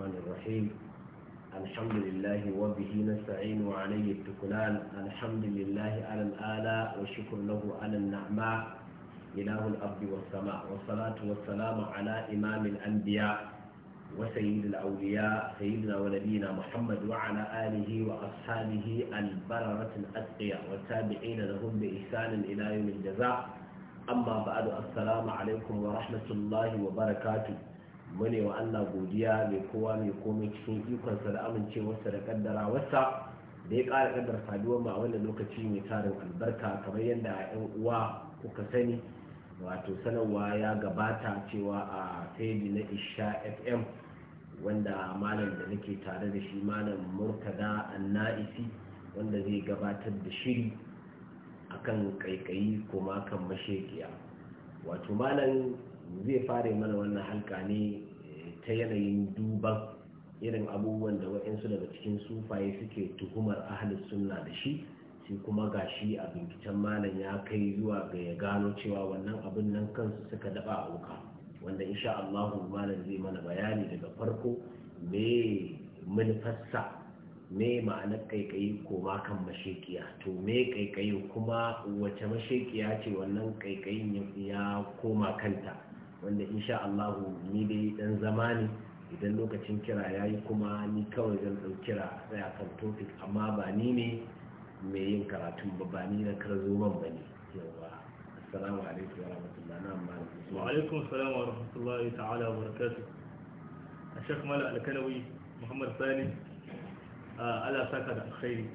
الرحمن الرحيم الحمد لله وبه نستعين وعليه التكلان الحمد لله على الآلاء والشكر له على النعماء إله الأرض والسماء والصلاة والسلام على إمام الأنبياء وسيد الأولياء سيدنا ونبينا محمد وعلى آله وأصحابه البررة الأتقياء والتابعين لهم بإحسان إلى يوم الجزاء أما بعد السلام عليكم ورحمة الله وبركاته mune wa Allah godiya mai kowa mai komai cikin ikonsa da amincewarsa da kaddara wasa da ya ƙara kaddar saduwar ma wannan lokaci mai tarin albarka kamar yadda yan uwa kuka sani wato sanarwa ya gabata cewa a feji na isha fm wanda malam da nake tare da shi malam murtada anna'isi wanda zai gabatar da shiri akan kaikayi kuma kan mashekiya wato malam zai fara mana wannan halka ne eh, ta yanayin duban irin abubuwan da waɗansu daga cikin sufaye suke tuhumar ahalus sunna da shi sai kuma ga shi a binciken malam ya kai zuwa ga ya gano cewa wannan abin nan kansu suka daba a wuka wanda insha Allah malam zai mana bayani daga farko me manufarsa me ma'anar kaikayi ko ma kan mashekiya to me kaikayi kuma wace mashekiya ce wannan kaikayin ya koma kanta wanda insha allahu ni dai dan zama ne idan lokacin kira ya yi kuma ni kawai zan ɗau kira tsaya kan topic amma ba ni ne mai yin karatun ba ba ni na karzo man ba ne yawa assalamu alaikum wa rahmatullahi na amma wa alaikum assalam wa rahmatullahi ta'ala wa barakatu. a shek mala alkanawi muhammad sani ala saka da alkhairi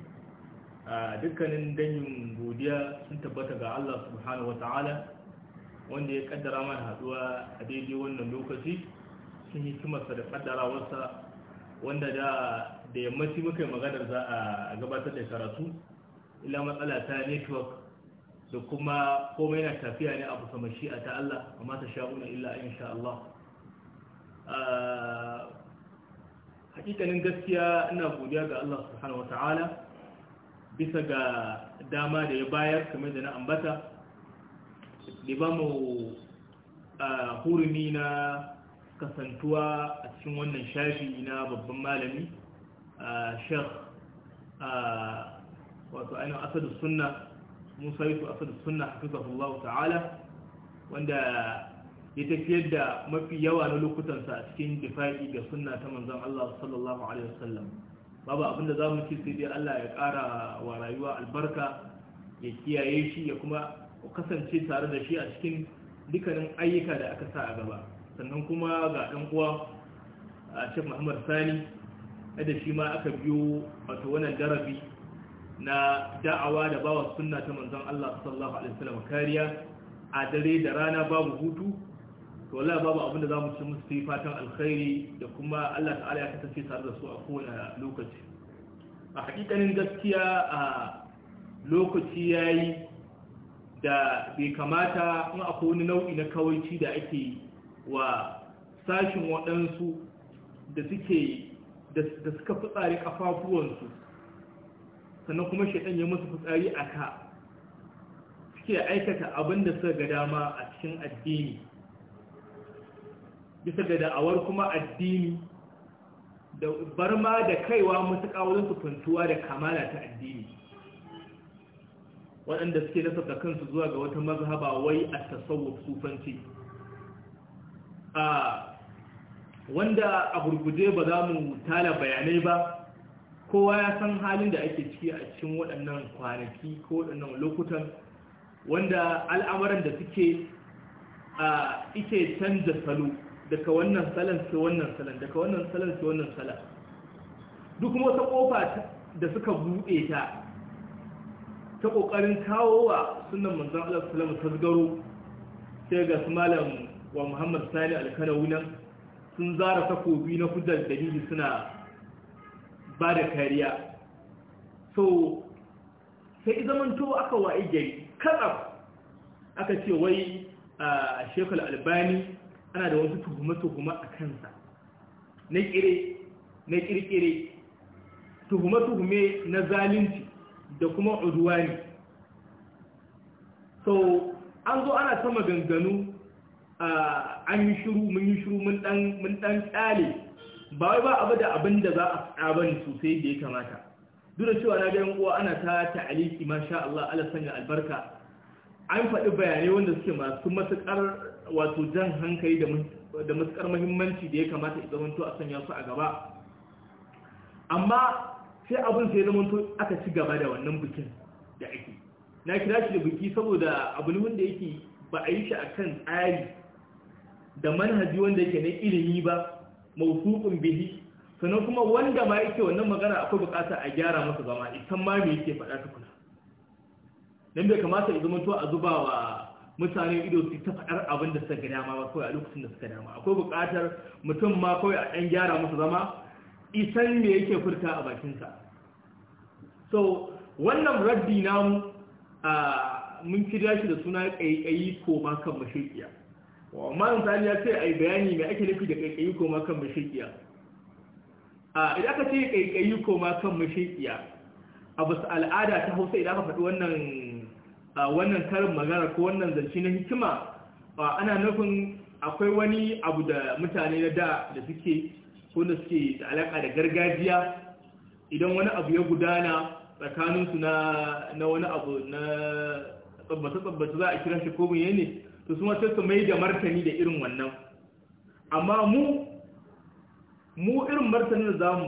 dukkanin dangin godiya sun tabbata ga allah subhanahu wa ta'ala wanda ya kaddara mana haduwa a daidai wannan lokaci sun hikimarsa da kaddarawarsa wanda da da yammaci muka yi maganar za a gabatar da karatu ila matsala ta network da kuma komai yana tafiya ne abu kamar shi a ta amma ta sha'una illa in sha Allah hakikanin gaskiya ina godiya ga Allah subhanahu bisa ga dama da ya bayar kamar da na ambata bai ba mu hurumi na kasantuwa a cikin wannan shafi na babban malami shek wato ainihin asadu sunna musa yusuf asadu sunna hafizahullahu ta'ala wanda ya tafiyar da mafi yawa na lokutansa a cikin difa'i ga sunna ta manzon Allah sallallahu alaihi wasallam babu abinda za mu ci sai dai Allah ya ƙara wa rayuwa albarka ya kiyaye shi ya kuma ku kasance tare da shi a cikin dukkanin ayyuka da aka sa a gaba sannan kuma ga ɗan uwa a shek muhammad sani da shi ma aka biyo wato wannan darabi na da'awa da bawa sunna ta manzon Allah sallallahu alaihi wasallam kariya a dare da rana babu hutu to wallahi babu abin da za mu ci musu fatan alkhairi da kuma Allah ta'ala ya kasance tare da su a kowane lokaci a hakikanin gaskiya a lokaci yayi da bai kamata in akwai wani nau'i na kawaici da ake wa sashin waɗansu da suke da suka fitsari kafafuwansu sannan kuma shaidan ya musu fitsari a ka suke aikata abin da suka ga dama a cikin addini bisa ga da'awar kuma addini da bar ma da kaiwa mutuƙa wurin su fantuwa da kamala ta addini waɗanda suke nasaka kansu zuwa ga wata mazhaba wai a tasawuf sufanci a wanda a gurguje ba za mu tala bayanai ba kowa ya san halin da ake ciki a cikin waɗannan kwanaki ko waɗannan lokutan wanda al'amuran da suke a ike canza salo daga wannan salon sai wannan salon daga wannan salon wannan salon duk kuma wata kofa da suka buɗe ta ta kokarin kawo wa sunan manzon Allah sallallahu alaihi tasgaro sai ga su malam wa Muhammad Sani Alkarawi nan sun zara takobi na hujjar dalili suna ba da kariya so sai zamanto aka wa'i gari aka ce wai a shekul albani ana da wasu tuhume-tuhume a kansa na kire na kirkire tuhume-tuhume na zalunci da kuma uduwani so an zo ana ta maganganu an yi shiru mun yi shiru mun dan tsale ba wai ba abu da abin da za a faɗa ba ne sosai da ya kamata duk da cewa na ga uwa ana ta ta'aliki masha Allah Allah sanya albarka an faɗi bayanai wanda suke masu matuƙar wato jan hankali da matuƙar muhimmanci da ya kamata ya zamanto a sanya su a gaba amma sai abin sai zama to aka ci gaba da wannan bikin da ake na kira shi da biki saboda abin wanda yake ba a yi shi a kan tsari da manhaji wanda yake na ilimi ba mausuƙin bihi sannan kuma wanda ma yake wannan magana akwai bukata a gyara masa zama isan ma me yake faɗa tukuna Nan bai kamata ya zama to a zuba wa mutane ido su ta faɗar abin da suka dama ba kawai a lokacin da suka dama akwai buƙatar mutum ma kawai a ɗan gyara masa zama isan me yake furta a bakinsa so wannan raddi namu mun kira shi da suna ƙaiƙayi ko makan wa malam sani ya ce a bayani mai ake nufi da ƙaiƙayi ko makan mashaƙiya idan aka ce ƙaiƙayi ko makan mashaƙiya a basu al'ada ta hausa idan aka faɗi wannan wannan karin magana ko wannan zance na hikima ana nufin akwai wani abu da mutane na da da suke Ko da suke da alaƙa da gargajiya idan wani abu ya gudana tsakaninsu na wani abu na tsabbata-tsabbata za a kira shi ko mai ne to su masu mai da martani da irin wannan amma mu mu irin martani da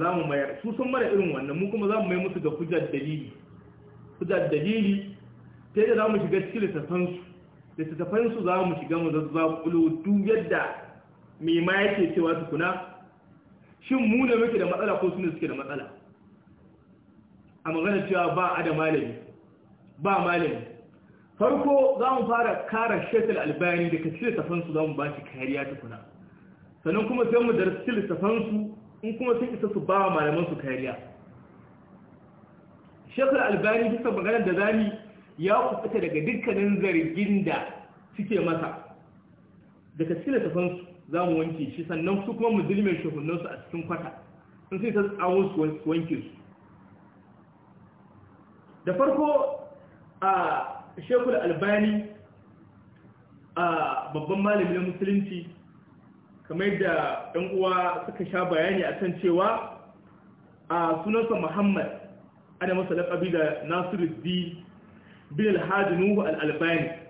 za mu mayar su sun mara irin wannan mu kuma za mu mai musu ga hujjar dalili hujjar dalili ta yadda za mu shiga cikin littattafansu littattafansu za mu shiga mu zazzakulo duk yadda me ma yake cewa tukuna shin mu ne muke da matsala ko su ne suke da matsala a maganar cewa ba a da malami ba malami farko za mu fara kara shekul albani da kaci tafansu za mu ba shi kariya tukuna sannan kuma sai mu darsi tafansu in kuma sun isa su ba malaman malamansu kariya shekul albani bisa maganar da zami ya kusa daga dukkanin zargin da suke masa daga cikin tafansu za mu wanke shi sannan su kuma mu shahunansu a cikin kwata Sun sai ta tsawon su wanke su da farko a shekul albani a babban malami na musulunci kamar da ɗan uwa suka sha bayani a kan cewa a sunansa muhammad ana masa laƙabi da nasiru d bin alhaji nuhu al'albani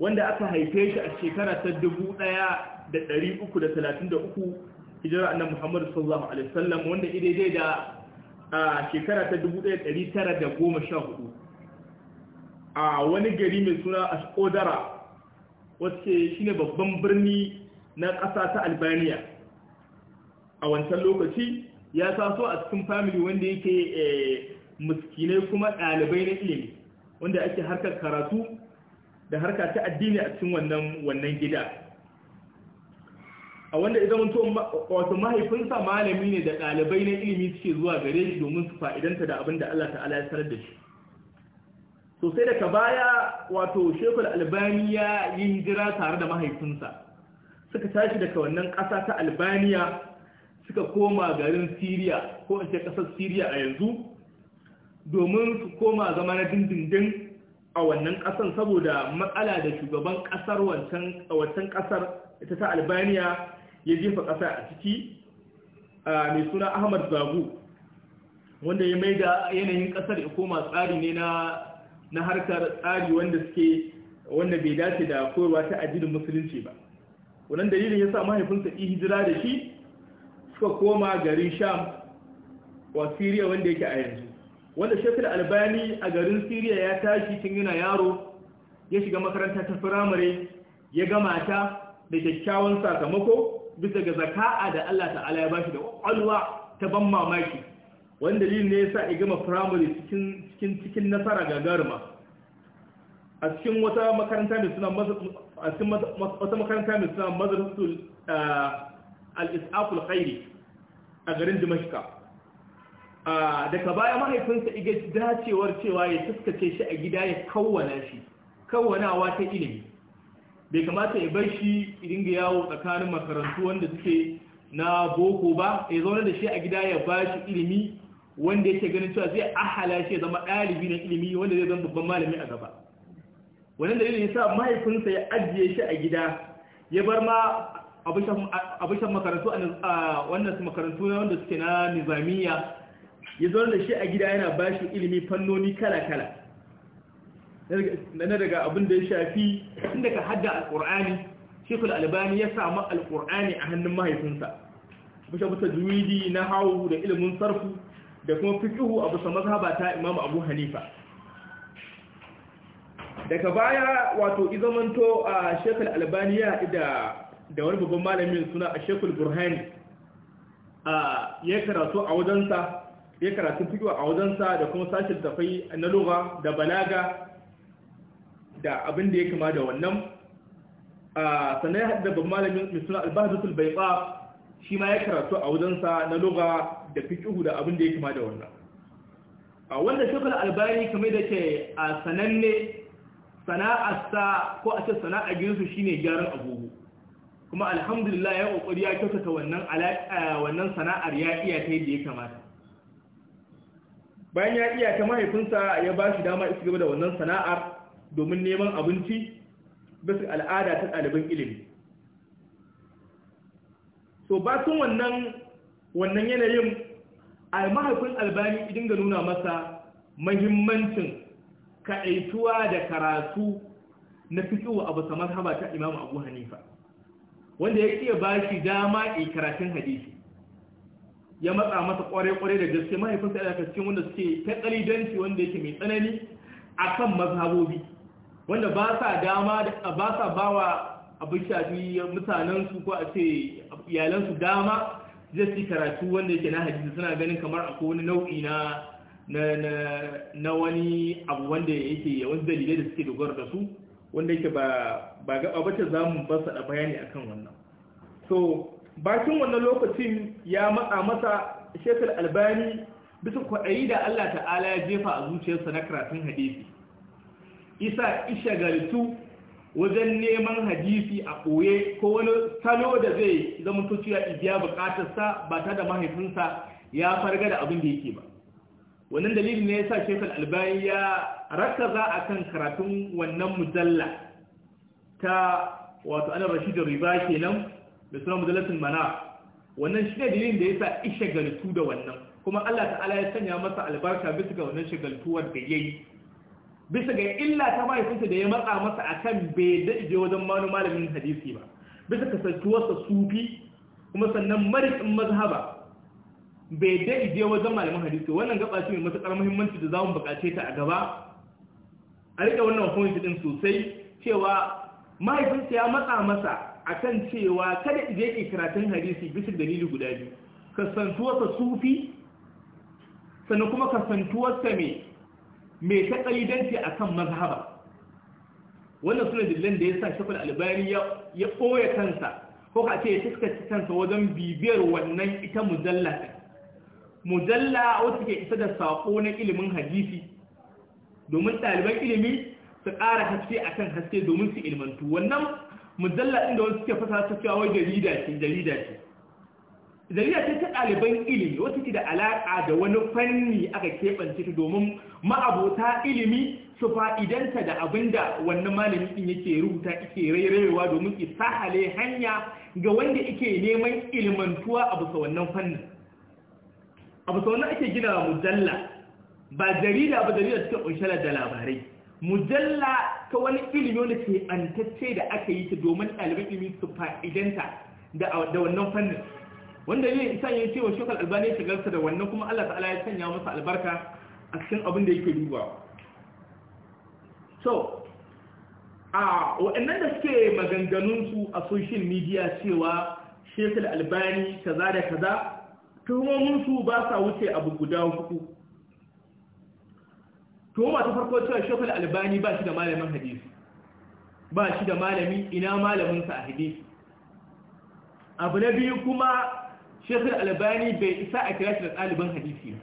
wanda aka haife shi a shekara ta 1333 hijira annabi Muhammadu sallallahu alaihi wasallam wanda idai da a shekara ta 1914 a wani gari mai suna Askodara wacce shine babban birni na ƙasa ta Albania a wancan lokaci ya taso a cikin family wanda yake eh, muskinai kuma ɗalibai na ilimi wanda ake harkar karatu da harka ta addini a cikin wannan wannan gida a wanda idan wato mahaifinsa malami ne da ɗalibai na ilimi suke zuwa gare shi domin su fa'idanta da abin da Allah ta'ala ya sanar da shi sosai daga baya wato Sheikhul albaniya yin jira tare da mahaifinsa suka tashi daga wannan ƙasa ta albaniya suka koma garin syria ko in ce ƙasar syria a yanzu domin su koma zama na dindindin a wannan ƙasar saboda matsala da shugaban ƙasar wancan ƙasar ita ta albaniya ya jefa ƙasa a ciki mai suna ahmad zagu wanda ya mai da yanayin ƙasar ya koma tsari ne na harkar tsari wanda suke wanda bai dace da koyarwa ta addinin musulunci ba wannan dalilin ya sa mahaifinsa hijira da shi suka koma garin sham wa siriya wanda yake a yanzu wanda shekul albani a garin siriya ya tashi tun yana yaro ya shiga makaranta ta firamare ya gama ta da kyakkyawan sakamako bisa ga zaka'a da allah ta'ala ya bashi da ƙwaƙwalwa ta ban mamaki wani dalilin ne ya sa ya gama firamare cikin nasara gagaruma a cikin wata makaranta mai suna a cikin wata makaranta mai suna eh, al-isaful khairi a garin dimashka daga baya mahaifinsa iga dacewar cewa ya fuskace shi a gida ya kawwana shi kawwanawa ta ilimi bai kamata ya bar shi dinga yawo tsakanin makarantu wanda suke na boko ba ya zaune da shi a gida ya ba shi ilimi wanda yake ganin cewa zai ahala shi ya zama ɗalibi na ilimi wanda zai zama babban malami a gaba wannan dalilin sa mahaifinsa ya ajiye shi a gida ya bar ma abushan makarantu a wannan makarantu na wanda suke na nizamiya ya zo da shi a gida yana ba shi ilimi fannoni kala-kala na daga abin da ya shafi inda ka hadda alƙur'ani shekul albani ya samu alƙur'ani a hannun mahaifinsa bisa bisa juwidi na hawu da ilimin sarfu da kuma fikihu a bisa mazhaba ta imam abu hanifa daga baya wato izamanto a shekul albani ya da wani babban malamin suna a shekul burhani ya karatu a wajensa ya karatun fikiwa a wajensa da kuma sashen tafai na lura da balaga da abin da ya kama da wannan sannan ya haɗu da malamin misuna bai ba shi ma ya karatu a wajensa na lura da fikihu da abin da ya kama da wannan a wanda shekul albani kamar da ke a sananne sana'arsa ko a ce sana'ar gidansu shine gyaran agogo kuma alhamdulillah ya kokari ya kyautata wannan wannan sana'ar ya iya ta yadda ya kamata bayan ya iya ta mahaifinsa ya ba shi dama isi gaba da wannan sana'ar domin neman abinci bisa al'ada ta ɗaliban ilimi so batun wannan wannan yanayin mahaifin albani idin ga nuna masa mahimmancin kaɗaituwa da karatu na fitowa abu samar haba ta imamu abu hanifa wanda ya iya ba shi dama a karatun hadisi ya matsa masa kware-kware da gaske mahaifinsa ya daga cikin wanda suke ta kalidanci wanda yake mai tsanani a kan mazhabobi wanda ba sa dama ba sa ba wa abin shafi mutanensu ko a ce iyalansu dama zai ci karatu wanda yake na hadisi suna ganin kamar akwai wani nau'i na na wani abu wanda yake wani dalilai da suke dogara da su wanda yake ba ba bace za mu basa da bayani akan wannan so bakin wannan lokacin ya matsa masa shekul albani bisa kwaɗayi da Allah ta'ala ya jefa a zuciyarsa na karatun hadisi isa ishagaltu wajen neman hadisi a ɓoye ko wani salo da zai zama tuciya ijiya bukatarsa ba ta da mahaifinsa ya farga da abin da yake ba wannan dalilin ne ya sa shekul albani ya raka za a kan karatun wannan mujalla ta wato ana rashidun riba kenan da suna mujalatul mana wannan shi ne dalilin da yasa ishe galtu da wannan kuma Allah ta'ala ya sanya masa albarka bisa ga wannan shigaltuwar da ya yi bisa ga illa ta mahaifinsa da ya matsa masa akan bai daɗe wajen manu malamin hadisi ba bisa kasantuwarsa sufi kuma sannan marikin mazhaba bai daɗe wajen malamin hadisi wannan gaba shi mai matuƙar muhimmanci da za mu buƙace ta a gaba a riƙe wannan hukunci ɗin sosai cewa mahaifinsa ya matsa masa akan cewa kada ije ke karatun hadisi bisa dalili guda biyu kasantuwarsa sufi sannan kuma kasantuwarsa mai mai ta ƙalidanci a kan mazhaba wannan suna dillan da ya sa shafin albani ya ɓoye kansa ko ka ce ya fuskaci kansa wajen bibiyar wannan ita mujalla ɗin mujalla wata ke isa da saƙo na ilimin hadisi domin ɗaliban ilimi su ƙara haske akan haske domin su ilimantu wannan mujalla inda wasu suke fasa ta cewa wai jarida ce jarida ce jarida ce ta ɗaliban ilimi wata ke da alaƙa da wani fanni aka keɓance ta domin ma'abota ilimi su fa'idanta da abin da wannan malami ɗin yake rubuta ike rairayewa domin isahale hanya ga wanda ike neman ilimantuwa a bisa wannan fannin a bisa wannan ake gina mujalla ba jarida ba jarida suka ƙunshe da labarai mujalla ta wani ilimi wanda ke antacce da aka yi ta domin ɗaliban ilimi su fa'idanta da wannan fannin wanda ne isa ya ce wa shekar albani ya shigarsa da wannan kuma allah ta'ala ya sanya masa albarka a cikin abin da yake duba. so a waɗannan da suke maganganunsu a social media cewa shekar albani kaza da kaza tuhumominsu ba sa wuce abu guda hudu tuhuma ta farko cewa shekul albani ba shi da malamin hadisi ba shi da malami ina malaminsa a hadisi abu na biyu kuma shekul albani bai isa a kira shi da ɗaliban hadisi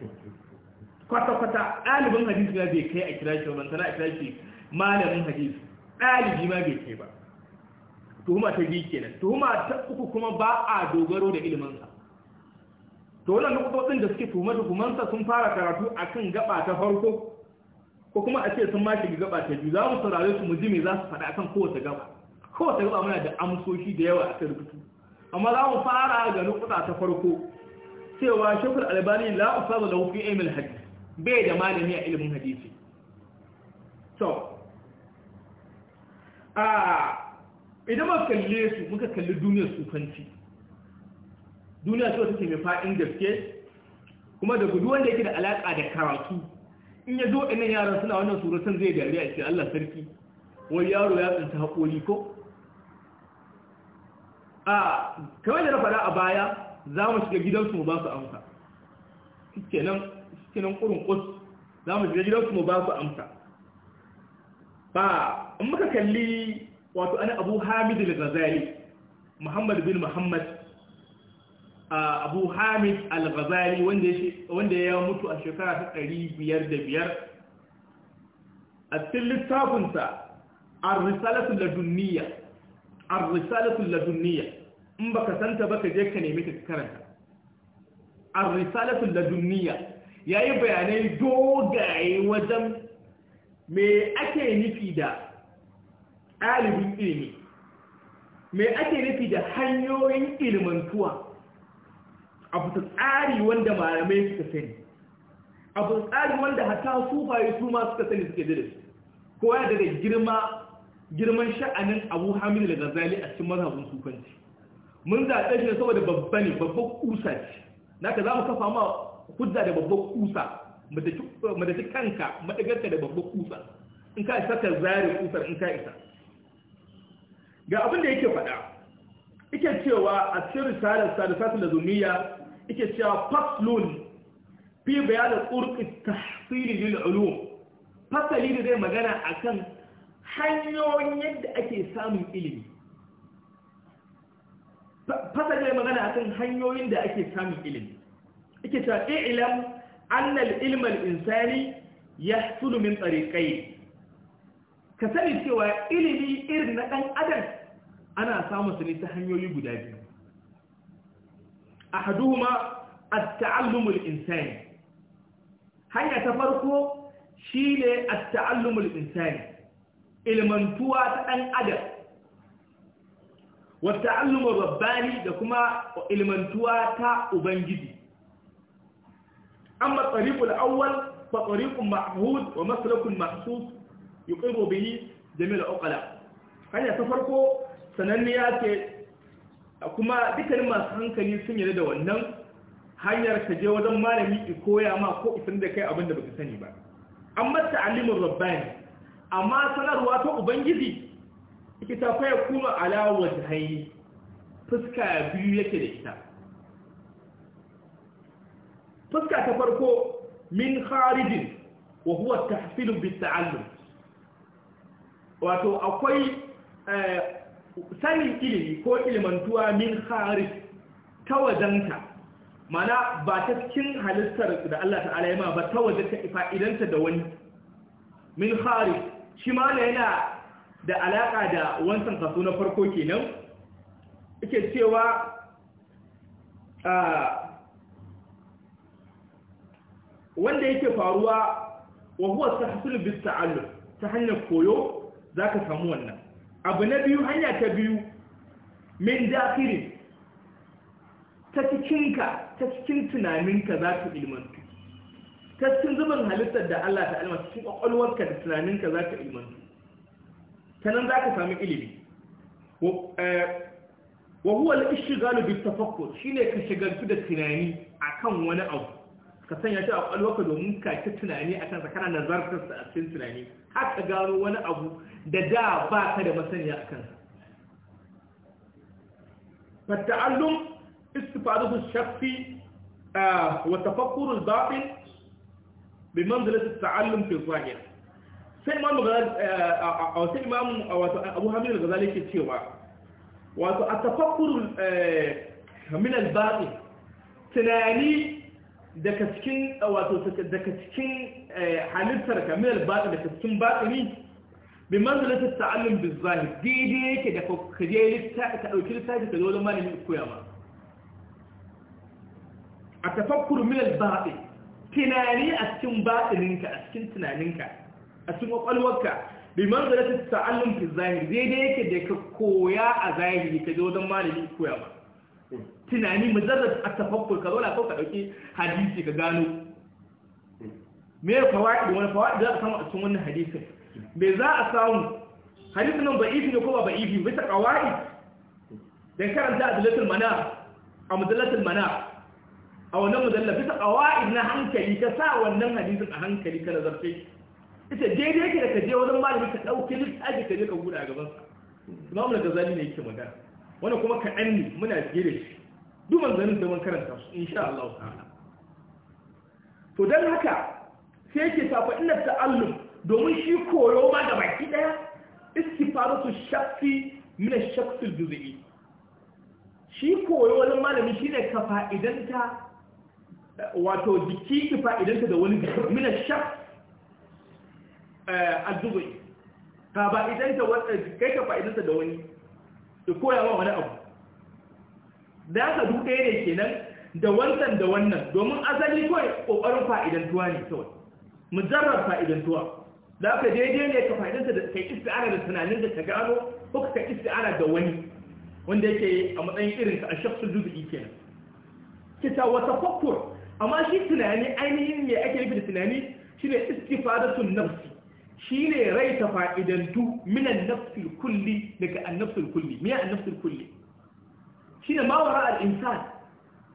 kwata-kwata ɗaliban hadisi na bai kai a kira shi ban sana a kira shi malamin hadisi ɗalibi ma bai kai ba tuhuma ta biyu kenan tuhuma ta uku kuma ba a dogaro da iliminsa to wannan nukutotsin da suke tuhumar hukumansa sun fara karatu akan gaba ta farko ko kuma a ce sun ma shiga gaba ta biyu za mu saurare su mu ji me za su faɗa akan kowace gaba kowace gaba muna da amsoshi da yawa a kan rubutu amma za mu fara ga nukuta ta farko cewa shekul albani la usaba lahu fi ilmi hadith bai da malami a ilimin hadisi to a idan muka kalle su muka kalli duniyar sufanci duniya ce wata ce mai fa'in gaske kuma da gudu wanda yake da alaka da karatu in ya zo ɗanen yaran suna wannan suratun zai dariya ya ce Allah sarki wai yaro ya tsinta haƙori ko a kamar da na faɗa a baya za mu shiga gidansu mu ba su amsa kenan ƙurin ƙus za mu shiga gidansu mu ba su amsa ba in muka kalli wato ana abu hamidu da zazali muhammadu bin muhammadu abu hamid al-ghazali wanda ya mutu a shekara ta ɗari biyar. da biyar, a cikin littafinsa ar-risalatu ladunniya ar-risalatu ladunniya in baka santa baka je ka nemi ka karanta ar LaDuniya ya yi bayanai dogaye wajen mai ake nufi da ɗalibin ilimi mai ake nufi da hanyoyin ilimantuwa. abu tsari wanda malamai suka sani abu tsari wanda hata sufaye su ma suka sani suke da ko kowa daga girma girman sha'anin abu hamil da gazali a cikin mazhabin sufanci mun zaɓe shi saboda babba ne babban kusa ce naka za mu kafa ma hujja da babban kusa madaci kanka madagarka da babban kusa in ka isa ka zare kusar in ka isa ga abin da yake faɗa yake cewa a cikin risalar salisatul zumiya yake cewa faslun fi bayanin ƙurƙi tasiri lil ulum fasali da zai magana akan hanyoyin yadda ake samun ilimi fasali zai magana akan hanyoyin da ake samun ilimi yake cewa ilam annal ilmal insani yahsulu min tariqai ka sani cewa ilimi irin na ɗan adam ana samun su ne ta hanyoyi guda biyu ahaduhuma at insani hanya ta farko shine at-ta'allumul insani ilmantuwa ta dan adam wa ta'allumur rabbani da kuma ilmantuwa ta ubangiji amma tariqul awwal fa tariqun ma'hud wa maslakun mahsus yuqimu bihi jami'ul hanya ta farko sananniya ce kuma dukkanin masu hankali sun yarda da wannan hanyar ka je wajen malami i koya ma ko isin da kai abin da baka sani ba amma ta'allimur rabbani amma sanarwa ta ubangiji ita ta faya kuma ala wajhaini fuska biyu yake da ita fuska ta farko min kharijin wa huwa tahsilu bit ta'allum wato akwai eh, sanin ilimi ko ilimantuwa min harif ta wajenta mana ba ta cikin halittar da Allah ta'ala ya ma ba ta waje ta fa'idanta da wani min harif shi ma yana da alaka da wancan kaso na farko kenan yake cewa wanda yake faruwa wa huwa tahsul bis ta'allum ta hanyar koyo zaka samu wannan abu na biyu hanya ta biyu min dakirin ta cikinka ta cikin tunaninka za ta ilmantu ta cikin zubin halittar da Allah ta alma cikin kwakwalwarka da tunaninka za ta ilmantu ta nan za ka sami ilimi wa eh, huwa al-ishghalu bit tafakkur shine ka shigaltu da tunani akan wani abu ka sanya shi a kwalwaka domin ka ci tunani a kan kana nazartarsa a cikin tunani har ka gano wani abu da da ba ka da masaniya a kansa fatta'allum istifadatu shafi wa tafakkurul batin bi manzilati ta'allum fi zahir sai imamu a wasu imamu wato abu hamid al-ghazali ke cewa wato a tafakkurul min al-batin tunani daga cikin wato daga cikin eh, halittar kamil batin daga cikin batini bi manzilatar ta'allum bi zahir daidai yake da kaje ka dauki littafi ka zo wajen malamin koya ma a tafakkur min al-batin tunani a cikin batininka a cikin tunaninka a cikin kwakwalwarka bi manzilatar ta'allum bi zahir daidai yake da ka koya a zahiri ka zo wajen malamin koya ma tunani mujarrad at-tafakkur ka zauna ko ka ɗauki hadisi ka gano me ya fawaidi wani fawaidi za a samu a cikin wannan hadisin me za a samu hadisin nan ba'ifi ne ko ba ba'ifi bisa kawai? dan karanta a adlatul mana a mudallatul mana a wannan mudalla bisa kawai na hankali ka sa wannan hadisin a hankali ka nazarce ita daidai yake da ka je wajen malami ka dauki littafi ka je ka guda gaban sa Imam al-Ghazali ne yake magana wani kuma kaɗan ne muna fiye da shi duk manzannin da mun karanta su sha Allah ta'ala to don haka sai yake safa inna ta'allum domin shi koyo ma da baki daya istifaratu shafi min ash-shakhs al-juz'i shi koyo wani malami shi ne ka fa'idanta wato jiki ki fa'idanta da wani min ash-shakhs eh, al-juz'i ka fa'idanta wanda kai ka fa'idanta da wani ya koya wa wani abu da aka duka ɗaya ne kenan da wannan da wannan domin asali kawai ƙoƙarin fa'idantuwa ne kawai mujarrar fa'idantuwa Za ka daidai ne ka fa'idanta da kai ana da tunanin da ka gano ko ka ana da wani wanda yake a matsayin irin ka a shaksu juzu'i kenan kita wata fakkur amma shi tunani ainihin me ake nufi da tunani shine istifadatun nafsi shi ne rai ta fa'idantu minan nafsul kulli daga annafsul kulli miya annafsul kulli shi ne mawara al'insan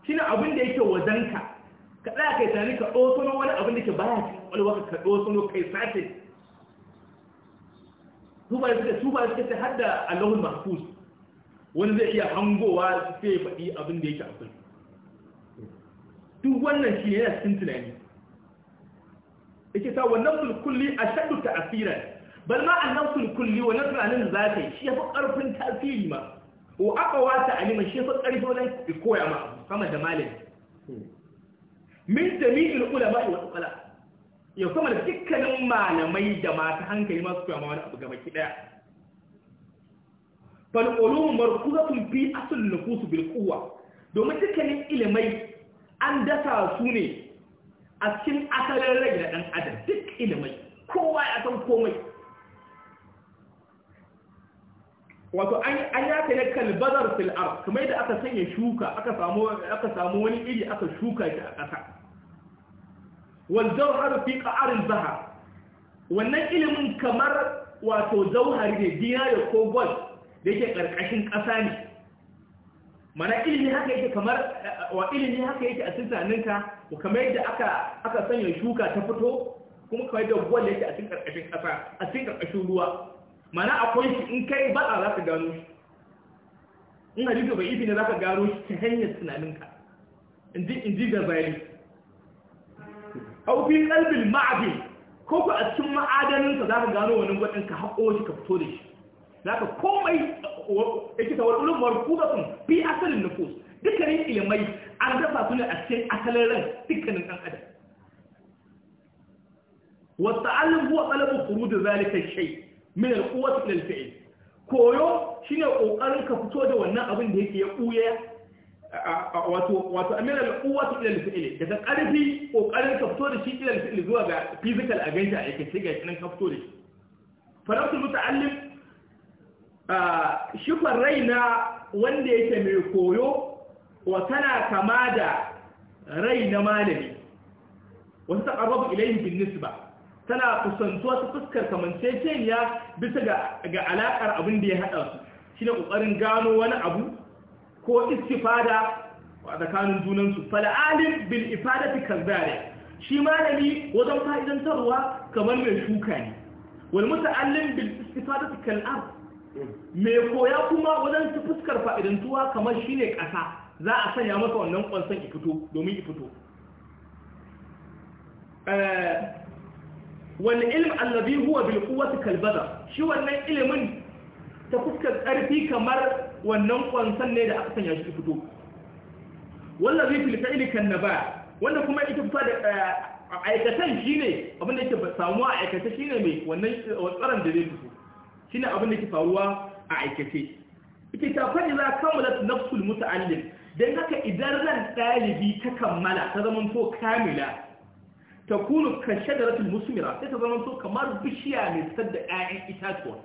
shi ne abin da yake wajenka ka tsaya kai tare ka ɗosano wani abin da ke baya Wani waka ka ɗosano kai sace su ba suka su ba suka ce har da allahul mahfuz wani zai iya hangowa sai ya faɗi abin da yake akwai duk wannan shi ne yana cikin tunani yake ta wannan sulkulli a shaddu ta'asiran bal ma annan sulkulli wannan tunanin zakai shi yafi karfin tasiri ma wa aqwa ta'alima shi yafi karfi wannan koya ma sama da malami min jami'il ulama wa uqala ya kuma da dukkanin malamai da masu hankali masu koya ma wani abu gaba ki daya fal ulum markuzatun fi asl nufus bil quwwa domin dukkanin ilimai an dasa su ne a cikin asalin rai na ɗan adam duk ilimai kowa ya san komai wato an ya ta ne kalbazar fil'ar kamar da aka sanya shuka aka samu wani iri aka shuka shi a ƙasa wanzan harfi ƙa'arin zahar wannan ilimin kamar wato zauhari ne dinari ko gold da yake ƙarƙashin ƙasa ne mana ilimi haka yake kamar wa ilimi haka yake a tunaninka ko kamar yadda aka aka sanya shuka ta fito kuma kamar yadda gwal yake a cikin karkashin kasa a cikin karkashin ruwa mana akwai shi in kai ba a za ka gano shi in hadisi bai ibi ne za ka gano shi ta hanyar tunaninka in inji ga bayani aufi kalbin ma'abi ko ku a cikin ma'adanin sa za ka gano wani gwadin ka hako shi ka fito da shi za ka komai yake tawar ulum marfudatun fi asalin nufus dukkanin ilimai an dafa su ne a cikin asalin ran dukkanin ɗan adam wasu alin huwa ɗalabin furu da zalika shai min al'uwar lalfi'il koyo shi ne ƙoƙarin ka fito da wannan abin da yake ya ɓuya wato da amin al'uwar lalfi'il daga ƙarfi ƙoƙarin ka fito da shi lalfi'il zuwa ga physical a a yake shiga shi nan ka fito da shi farafin muta'allim shifar rai wanda yake mai koyo wa tana kama da rai na malami wasu taqarrabu ilayhi bin ba, tana kusantuwa ta fuskar kamanceceniya bisa ga ga alakar abin da ya haɗa su ne ƙoƙarin gano wani abu ko istifada a tsakanin junan su fal alim bil ifadati shi malami wajen fa'idantarwa kamar mai shuka ne wal allin bil istifadati kal ard mai koya kuma wajen fuskar fa'idantuwa kamar shine ƙasa? za a sanya masa wannan kwanson ifito domin ifito eh, wani ilm allabi huwa bil quwwati kal shi wannan ilimin ta fuskar karfi kamar wannan kwanson ne da aka sanya shi ifito wallazi fil fi'li kan naba wanda kuma ita fa da eh, aikatan shine abin da yake samuwa a aikata shi ne mai wannan eh, tsaron da zai fito shine abin da yake faruwa a aikace ita ta fadi za kammala nafsul muta'allim don haka idan ran ɗalibi ta kammala ta zama to kamila ta kunu kashe da ratul musmira sai ta zama to kamar bishiya mai fitar 'ya'yan itatuwa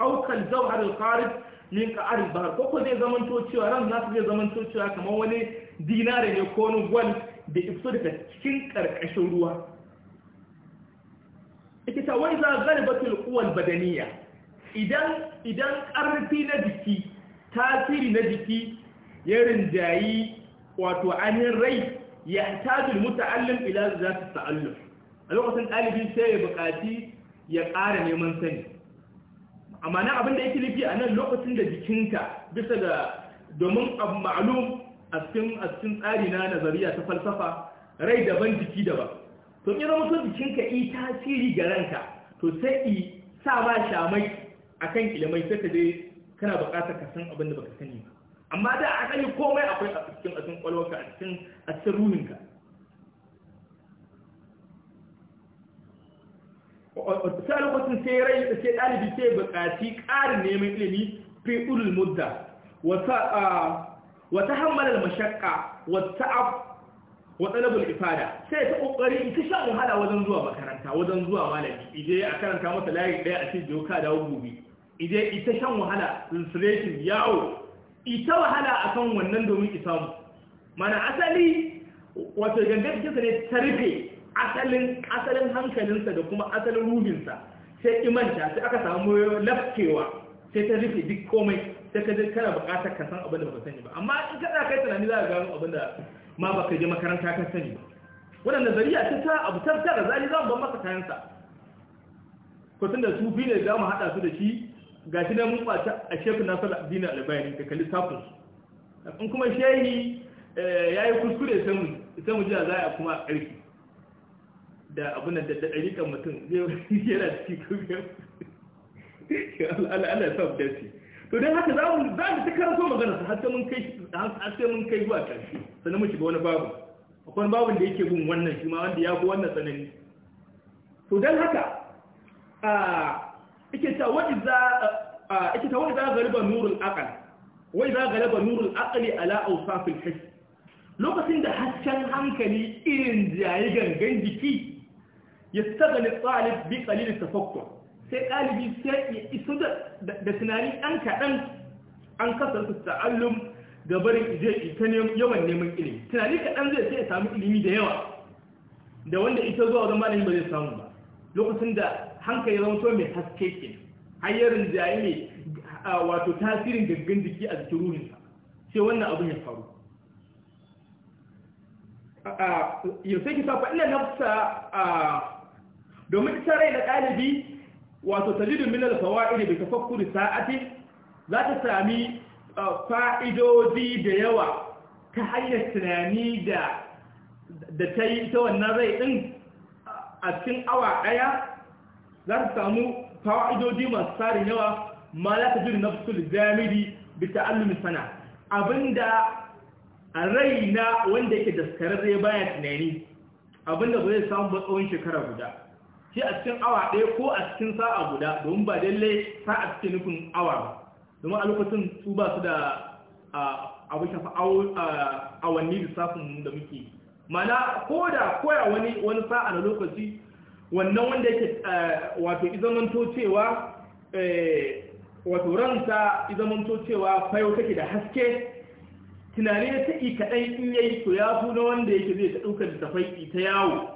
aukal zauhar al-kharij min ka'ar bahar zai zama to cewa ran za su zai zama to cewa kamar wani dinare ne ko wani gwal da ifso daga cikin karkashin ruwa ikita wai za galibatul quwwal badaniya idan idan na jiki tasiri na jiki ya rinjayi wato ainihin rai ya tajin muta'allim ila za su ta'allum a lokacin ɗalibin sai ya buƙaci ya ƙara neman sani amma na abin da yake nufi a nan lokacin da jikinka bisa ga domin abu ma'alum a cikin tsari na nazariya ta falsafa rai daban jiki daban to in zama jikinka yi tasiri ga ranka to sai i sa ba shamai akan ilimai sai ka je kana buƙatar ka san abin da baka sani ba amma da a sani komai akwai a cikin asin kwalwarka a cikin asin ruhinka ta lokacin sai rai sai dalibi sai buƙaci ƙarin neman ilimi fi ulul mudda wata hammalar mashakka wata ab wata labul ifada sai ta ƙoƙari ita sha wahala wajen zuwa makaranta wajen zuwa malami ije a karanta masa layi ɗaya a cikin jiyo ka dawo gobe idan ita shan wahala insulation yawo ita wahala akan wannan domin mu mana asali wato gangar jikinsa ne ta rufe asalin asalin hankalinsa da kuma asalin ruhinsa sai imanta sai aka samu lafkewa sai ta rufe duk komai sai ka je kana bukatar ka san abin da baka sani ba amma in ka tsaka kai tunani za ka gano abin da ma baka je makaranta ka sani ba wannan nazariya ta ta abu tartara zali za mu ban maka kayansa ko tun da sufi ne za mu haɗa su da shi ga shi mun kwata a shekul nasar addini albayani ka kalli tafin in kuma shehi eh, ya yi kuskure sai mu jina za a kuma ƙarfi da abin da kan mutum zai yana ciki kogiyar al'ala sa da shi to don haka za mu ta karanto magana su har sai mun kai zuwa ƙarshe sannan mu shiga wani babu akwai babu da yake bin wannan shi ma wanda ya fi wannan tsanani to don haka a ah, ike ta wa'iza ita ta wani za galiba nurul aqal wai za galiba nurul aqali ala awsafil lokacin da hasken hankali irin jayi gangan jiki ya tagali talib bi qalil tafakkur sai ɗalibi sai ya iso da tunani ɗan kaɗan an kasarta ta'allum da barin je yawan neman ilimi tunani kaɗan zai sai ya samu ilimi da yawa da wanda ita zuwa wajen malamin ba zai samu ba lokacin da hankali zama to mai haske ke har ya wato tasirin gangan jiki a jikin ruhinsa sai wannan abin ya faru yau sai ki sa nafsa domin ita rai da ɗalibi wato tajidun minal fawa'ili bi tafakkuri sa'ati za ta sami fa'idodi da yawa ta hanyar tunani da da ta yi ta wannan rai ɗin a cikin awa ɗaya za ta samu fa'idodi masu tsarin yawa ma la ta jiri nafsul jamidi bi ta'allumi sana abinda rai na wanda yake daskararre baya tunani abinda ba zai samu ba tsawon shekara guda shi a cikin awa ɗaya ko a cikin sa'a guda domin ba dalle sa'a cikin nufin awa ba domin a lokacin su ba su da abu shafa awanni lissafin da muke mana ko da koya wani sa'a na lokaci wannan wanda yake eh, wato izamanto cewa eh, wato ranta izamanto cewa fayo take da haske tunani na ta'i kaɗai in yayi to ya fi na wanda yake zai ta ɗaukar littafai ta yawo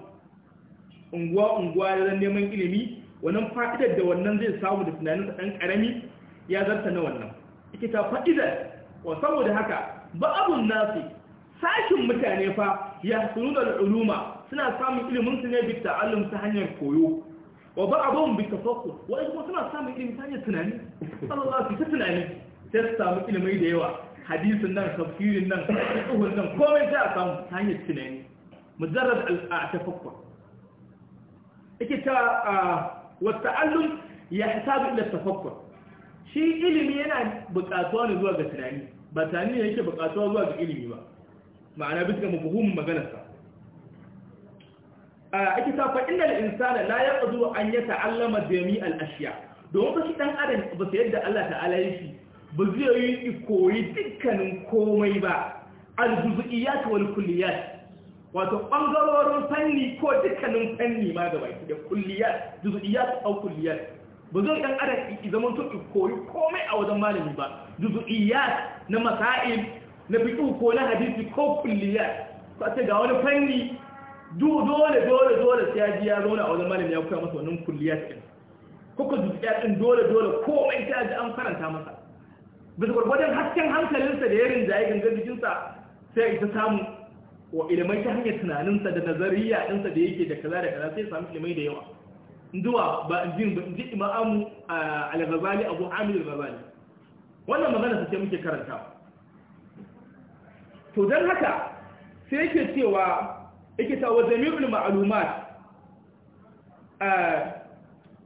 unguwa-unguwa da neman ilimi wannan fa'idar da wannan zai samu da tunanin ɗan ƙarami ya zarta na wannan ita ta fa'idar wa saboda haka ba abun nasi sashin mutane fa ya sunu da al'uluma suna samun ilimin su ne bi ta'allum ta hanyar koyo wa ba abun bi tafakkur wa kuma suna samun ilimin ta hanyar tunani sallallahu alaihi tunani sai su samu ilimi da yawa hadisin nan tafsirin nan fiqhun nan komai sai a samu ta hanyar tunani mujarrad al-tafakkur yake ta wa ta'allum ya hisabu ila tafakkur shi ilimi yana buƙatuwa ne zuwa ga tunani ba tunani ne yake buƙatuwa zuwa ga ilimi ba ma'ana bisa ga mafhumin maganarsa ake ta faɗin inda insana la yaqdu an yata'allama jami'al ashiya don ka shi dan adam ba sai yadda Allah ta'ala ya shi ba zai yi koyi dukkanin komai ba al-juz'iyat wal kulliyat wato ɓangarorin fanni ko dukkanin fanni ma gaba da kulliyat juz'iyat aw kulliyat ba zai ɗan adam i zaman to koyi komai a wajen malami ba juz'iyat na masail na fiqh ko na hadisi ko kulliyat sai ga wani fanni dole dole dole sai ya ji ya zauna a wajen malam ya kuka masa wannan kulliyat din kuka zuciya din dole dole komai ta ji an karanta masa bisa gwargwadon hasken hankalinsa da ya ganga gangan jikinsa sai ita samu wa ilimai ta hanyar tunaninsa da nazariya ɗinsa da yake da kaza da kaza sai samu ilimai da yawa zuwa ba ji ba ji imamu al-ghazali abu amir al-ghazali wannan magana sai muke karanta to dan haka sai yake cewa yake ta wa jami'ul ma'lumat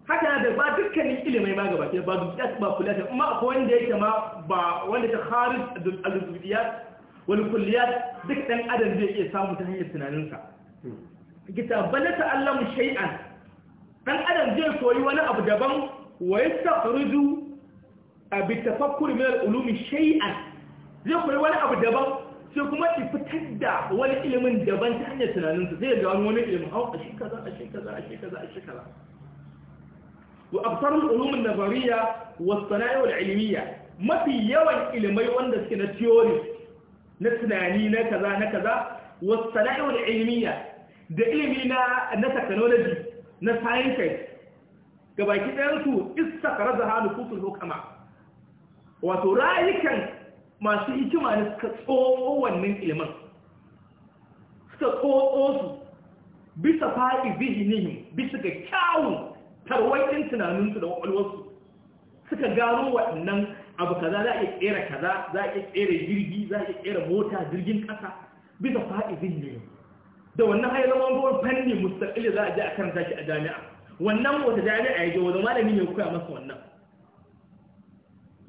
haka da ba dukkanin ilimai ma gaba ke ba dukkan ba kulata amma akwai wanda yake ma ba wanda ta kharij al-dubbiyat wal kulliyat duk dan adam zai iya samu ta hanyar tunaninsa kita balata allamu shay'an dan adam zai koyi wani abu daban wa yastakhruju bi tafakkuri min al-ulumi shay'an zai koyi wani abu daban sai kuma ki fitar da wani ilimin daban ta hanyar tunaninsa zai ga wani ilimin hau a shekaza a shekaza a shekaza a shekaza wa absarul ulumin nazariya wa sana'i wal ilmiya mafi yawan ilimai wanda suke na theory na tunani na kaza na kaza wa sana'i wal ilmiya da ilimi na na technology na science gabaki ɗayan su istakarza halu kutul hukama wato rayukan masu hikima ne suka tsoho wannan ilimin suka tsoho su bisa fa'i zihinihim bisa ga kyawun tarwakin tunaninsu da wakwalwarsu suka gano waɗannan abu kaza za a iya tsere kaza za a iya tsere jirgi za a iya tsere mota jirgin ƙasa bisa fa'i zihinihim da wannan hanyar zama fanni mustaƙili za a je a karanta shi a jami'a wannan wata jami'a ya je wani malami ne koya masa wannan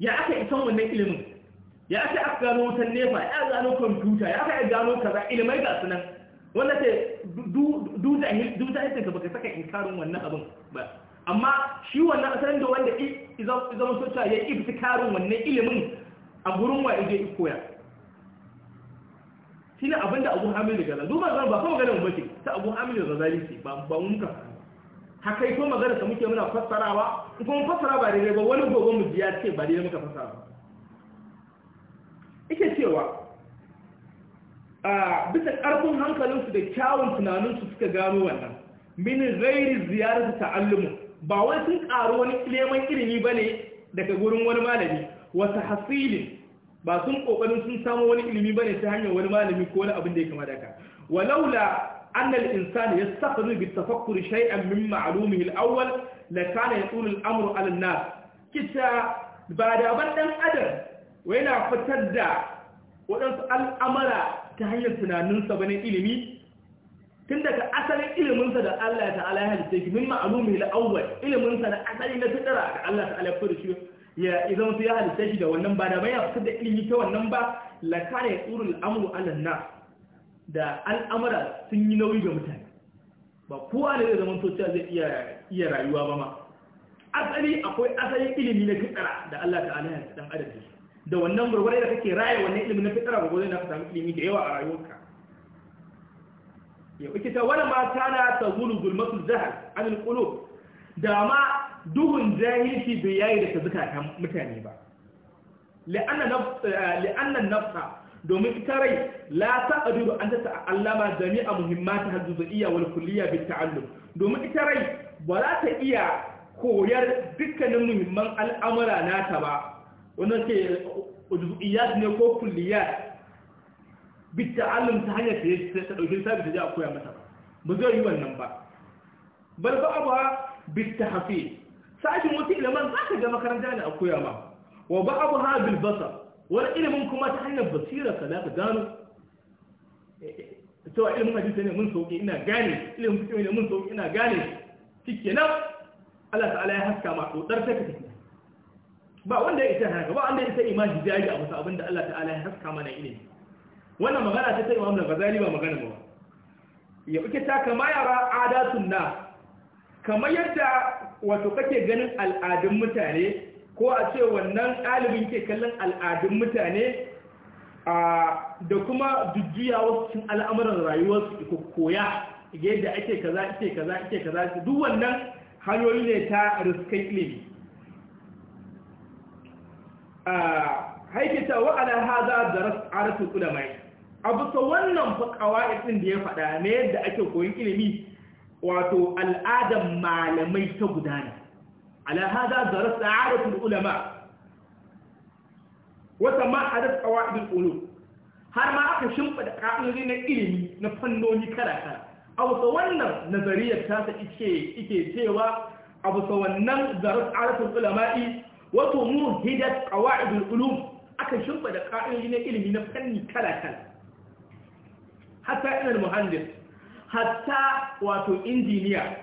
ya aka isan wannan ilimin ya ce a gano wutan nefa ya gano kwamfuta ya ta gano kaza ilimai ga sunan wanda ce du jahilta ka baka saka inkarin wannan abin ba amma shi wannan asalin da wanda izama soca ya yi karin wannan ilimin a gurin wa ije koya shi ne abin da abu hamil da gaza duba zama ba kuma gane mu bace ta abu hamil da gazali ce ba mun ka haka yi ko magana ta muke muna fassarawa in kuma fassara ba daidai ba wani gogon mu ji ya ce ba daidai muka fassara ba ike cewa a bisa ƙarfin hankalinsu da kyawun tunaninsu suka gano wannan min gairi ziyarar ta'allumu ba wai sun ƙaru wani neman ilimi ba ne daga gurin wani malami wasu hasilin ba sun ƙoƙarin sun samu wani ilimi ba ne ta hanyar wani malami ko wani abin da ya kama daga walaula أن الإنسان min بالتفكر شيئا من معلومه الأول لكان يطول الأمر على الناس كتا ban ɗan adam wai na fitar da waɗansu al'amara ta hanyar tunaninsa ba ilimi tun daga asalin iliminsa da Allah ta'ala ya halitta shi min mai la'awwal iliminsa na asali na fitara da Allah ta'ala ya da shi ya izan su ya halitta shi da wannan ba da bayan fitar da ilimi ta wannan ba lakana ya yaqulu al-amru 'ala da al'amara sun yi nauyi ga mutane ba kowa ne zai zama to zai iya rayuwa ba ma asali akwai asalin ilimi na fitara da Allah ta'ala ya halitta dan adam da wannan gurgurai da kake raya wannan ilimin na fitara zai na fita samu ilimi da yawa a rayuwarka ya kuke ta wani mata na ta gulu gulmatu zahar Amin alƙulo da ma duhun jahilci bai yayi da ta zukatan mutane ba li'annan eh, nafsa domin ita rai la ta'dudu an ta allama jami'a muhimmata haddu'iyya wani kulliyya bit ta'allum domin ita rai ba za ta iya koyar dukkanin muhimman al'amura nata ba wannan ke ujubiyat ne ko kulliyat bitta allum ta hanyar da ta dauki sabi ta ji a koya masa ba zai yi wannan ba bal ba abu bitta hafi sashin wasu ilimin za ka ga makaranta ne a koya ma wa ba abu ha bil basa wani ilimin kuma ta hanyar basira ka za ka gano cewa eh, eh, ilimin hadisi ne mun sauki ina gane ilimin fikihu ne mun sauki ina gane shikenan Allah ta'ala ya haska ma to dar sai ka ba wanda ya isa haka ba wanda ya isa imaji jari a musu abinda Allah ta'ala ya haska mana ilimi wannan magana ta ta da gazali ba magana ba ya fi ta kama yara adatun na kamar yadda wato kake ganin al'adun mutane ko a ce wannan ɗalibin ke kallon al'adun mutane da kuma jujjuya wasu cin al'amuran rayuwarsu ko koya yadda ake kaza ake kaza ake kaza duk wannan hanyoyi ne ta riskan ilimi haikita wa ala haza da arasu ulamai abu sa wannan fakawa ɗin da ya faɗa na yadda ake koyon ilimi wato al'adan malamai ta gudana ala haza da rasu ulama wata ma'adar ƙawa'idin ulu har ma aka shimfiɗa ƙa'irri na ilimi na fannoni kara-kara a wasu wannan nazariyar tasa ike cewa a wasu wannan daras arasu ulama'i wato murun hidat qawaidul ulum aka shimfa da ka'idoji na ilimi na fanni kala kala hatta ina muhandis hatta wato injiniya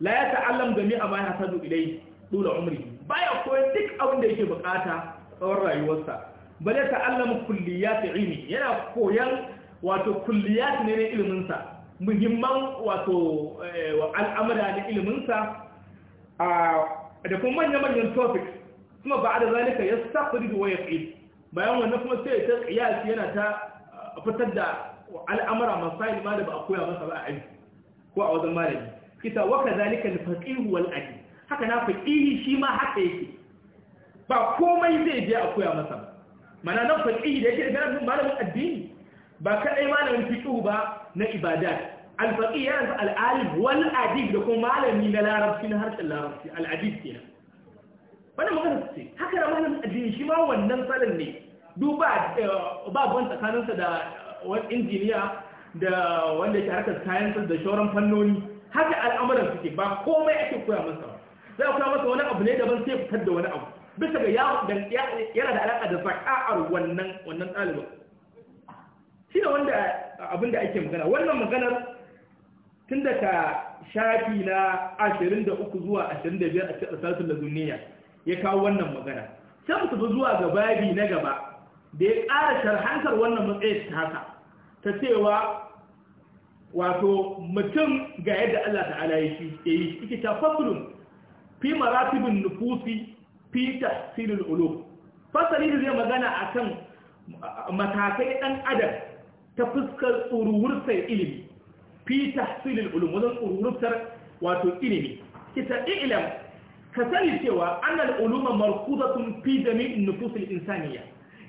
la ya ta'allam jami'a ma hasadu ilai dole umri baya koyon duk abin da yake bukata tsawon rayuwarsa bal ya ta'allam kulliyat ilmi yana koyon wato kulliyat ne na ilimin sa muhimman wato eh, al'amura na iliminsa ah, da kuma manya-manyan topics kuma ba da zalika ya staqridu wa yaqid bayan wannan kuma sai ta qiyas yana ta fitar da al'amara masail ma da ba a koya masa ba a aiki ko a wajen malami kita wa zalika na faqih wal aqil haka na faqihi shi ma haka yake ba komai zai je a koya masa mana nan faqihi da yake da malamin addini ba kaɗai malamin fiqh ba na ibadat al yana al-alim wal adib da kuma malami na larabci na harshen larabci al-adib kenan wannan magana ce haka da wannan addini shi ma wannan salon ne duba eh, ba tsakaninsa da eh, wani injiniya da wanda yake harkar kayan da shauran fannoni haka al'amuran suke ba komai ake koya masa za a koya masa wani abu ne daban sai fitar da wani abu bisa ga yana da alaƙa da zaka'ar wannan wannan ɗalibin shi ne wanda eh, abinda ake magana wannan maganar tun daga shafi na 23 zuwa 25 a cikin asalin da duniya ya kawo wannan magana sai mu zuwa ga babi na gaba da ya ƙara sharhantar wannan matsayin ta haka ta cewa wato mutum ga yadda Allah ta'ala ya shi ya yi shi ta fasulun fi maratibin nufusi fi tasirin ulum fasali da zai magana a kan matakai ɗan adam ta fuskar tsururursar ilimi fi tasirin ulum wajen tsururursar wato ilimi kita ilim. ka sani cewa annal uluma markudatun fi jami'in nufusul insaniya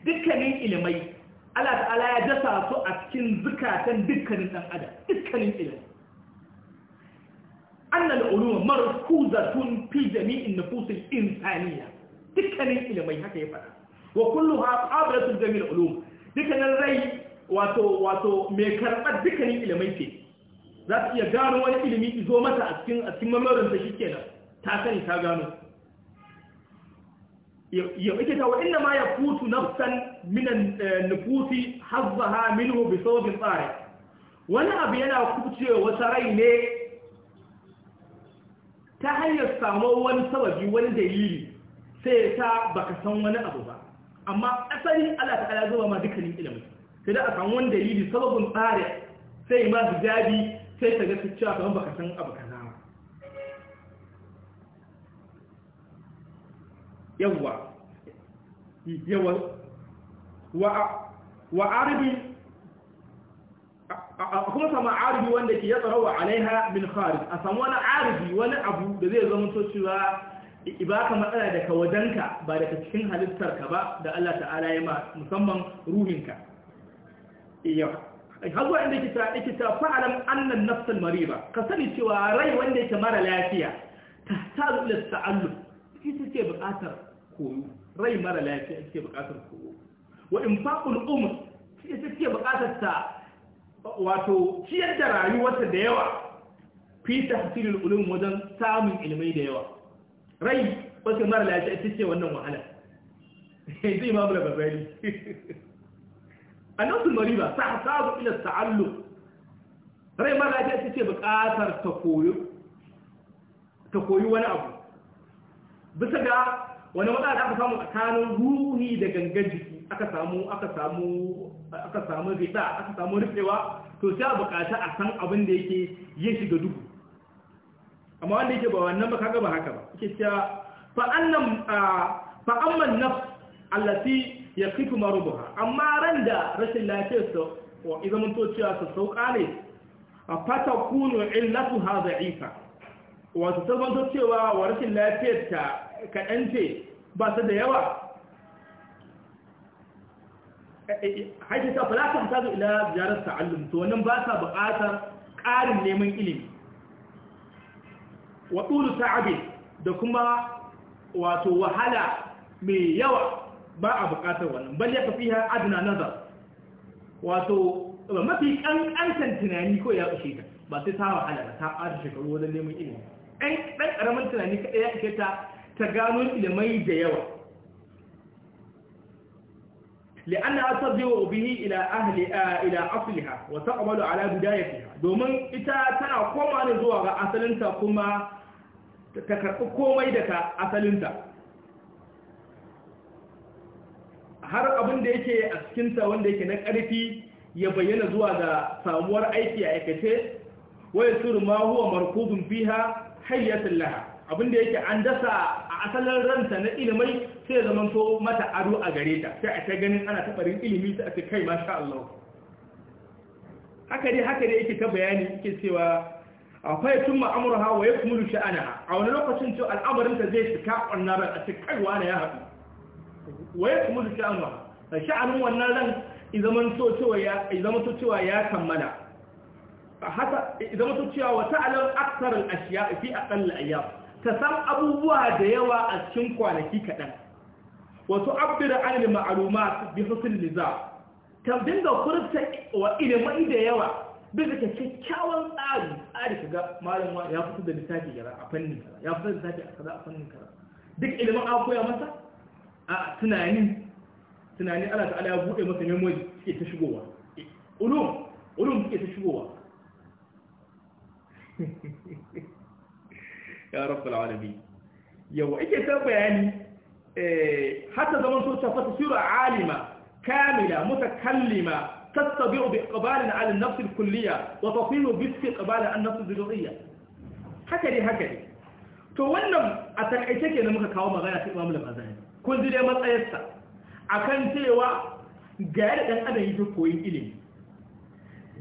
dukkanin ilimai Allah ta'ala ya dasa su a cikin zukatan dukkanin dan adam dukkanin ilimai annal uluma markudatun fi jami'in nufusul insaniya dukkanin ilimai haka ya fada wa kulluha qabilatu jami'il ulum dukkanin rai wato wato mai karɓar dukkanin ilimai ce za su iya gano wani ilimi izo mata a cikin a cikin mamarinta shikenan ta sani ta gano yake ta wa'inna ma ya futu nafsan minan eh, nufusi hazzaha minhu bi sababin tsari wani abu yana kubce wata rai ne ta hanyar samu wani sababi wani dalili sai ta baka san wani abu ba amma asalin Allah ta'ala zuwa ma dukkanin ilimi sai da a samu wani dalili sababin tsari sai ma hijabi sai ta ga cewa kamar baka san abu wa kuma sama arabi wanda ke ya tsarawa alaiha min kharij a samu wani wani abu da zai zama to cewa ibaka matsala daga wajenka ba daga cikin halittarka ba da Allah ta'ala ya ma musamman ruhinka yawa hazuwa inda kita ikita fa'alam annan nafsal mariba ka sani cewa rai wanda yake mara lafiya ta tazu ila ta'allum ita ce buƙatar koyo rai mara lafiya ita ke bukatar koyo wa infaqul umr ita ce bukatar ta wato ciyar da rayuwarta da yawa fi tahsilul ulum wajen samun ilmai da yawa rai wasu mara lafiya ita ce wannan wahala yanzu imamu da bazari annasul mariba tahsabu ila ta'allum rai mara lafiya ita ce bukatar ta koyo ta koyi wani abu bisa ga wani wata da aka samu tsakanin ruhi da gangan jiki aka samu aka samu aka samu rita aka samu rufewa to sai a bukata a san abin da yake ya shiga duhu amma wanda yake ba wannan ba kaga ba haka ba yake cewa fa annam fa amma nafs allati yaqifu marubaha amma ran da rashin lafiyar sa ko idan mun to cewa sa sauka ne fa kunu illatu hadha'ifa wato ta zanto cewa wa rashin lafiyar ta kaɗan ce ba su da yawa haiti ta falatan ta zo ila ziyarar ta'allum to wannan ba sa buƙatar ƙarin neman ilimi wa ɗulu ta'abi da kuma wato wahala mai yawa ba a buƙatar wannan bal ya fi ha adina nazar wato mafi ƙanƙantar tunani ko ya ƙushe ta ba sai ta wahala ta ɓata shekaru wajen neman ilimi ɗan ƙaramin tunani kaɗai ya ishe ta ta gano ilimai da yawa li'anna asabiwa bihi ila ahli ila asliha wa taqbalu ala bidayatiha domin ita tana koma ne zuwa ga asalinta kuma ta karbi komai daga asalinta har abin da yake a cikinta wanda yake na ƙarfi ya bayyana zuwa ga samuwar aiki a aikace waya suru ma huwa markubun fiha hayyatan laha abin da yake an dasa asalin ranta na ilimai sai ya zama to mata ado a gare ta sai a ta ganin ana tabarin ilimi sai a ce kai masha Allah haka dai haka dai yake ta bayani yake cewa akwai tun ma'amurha wa ya kuma ana ha? a wani lokacin cewa al'amarin ta zai cika wannan ran a cikin wani ya haɗu wa ya kumulu sha'anaha sha'anin wannan ran izamanto cewa ya kammala haka izamanto cewa wata alam aksarin al'ashiya fi aƙalla ayyam ta san abubuwa da yawa a cikin kwanaki kaɗan wasu abdira alil ma'aluma bi husn liza ta dinga furta wa ilimai da yawa bisa da kyakkyawan tsari tsari kaga malam ya fito da lissafi gara a fannin kaza ya fito da lissafi a kaza a fannin kaza duk ilimin an koya masa a tunanin tunanin Allah ta'ala ya bude masa memory suke ta shigowa ulum ulum suke ta shigowa ya rabbal alamin yau ake ta bayani eh, hatta zaman so ta fasira alima kamila mutakallima tastabi'u bi iqbalin ala an-nafs al-kulliyya wa tafilu bi iqbalin ala an-nafs al-juz'iyya haka ne haka ne to wannan a takaice kenan muka kawo magana ta Imam al-Ghazali kun ji dai matsayarsa akan cewa ga yadda dan adam yake koyin ilimi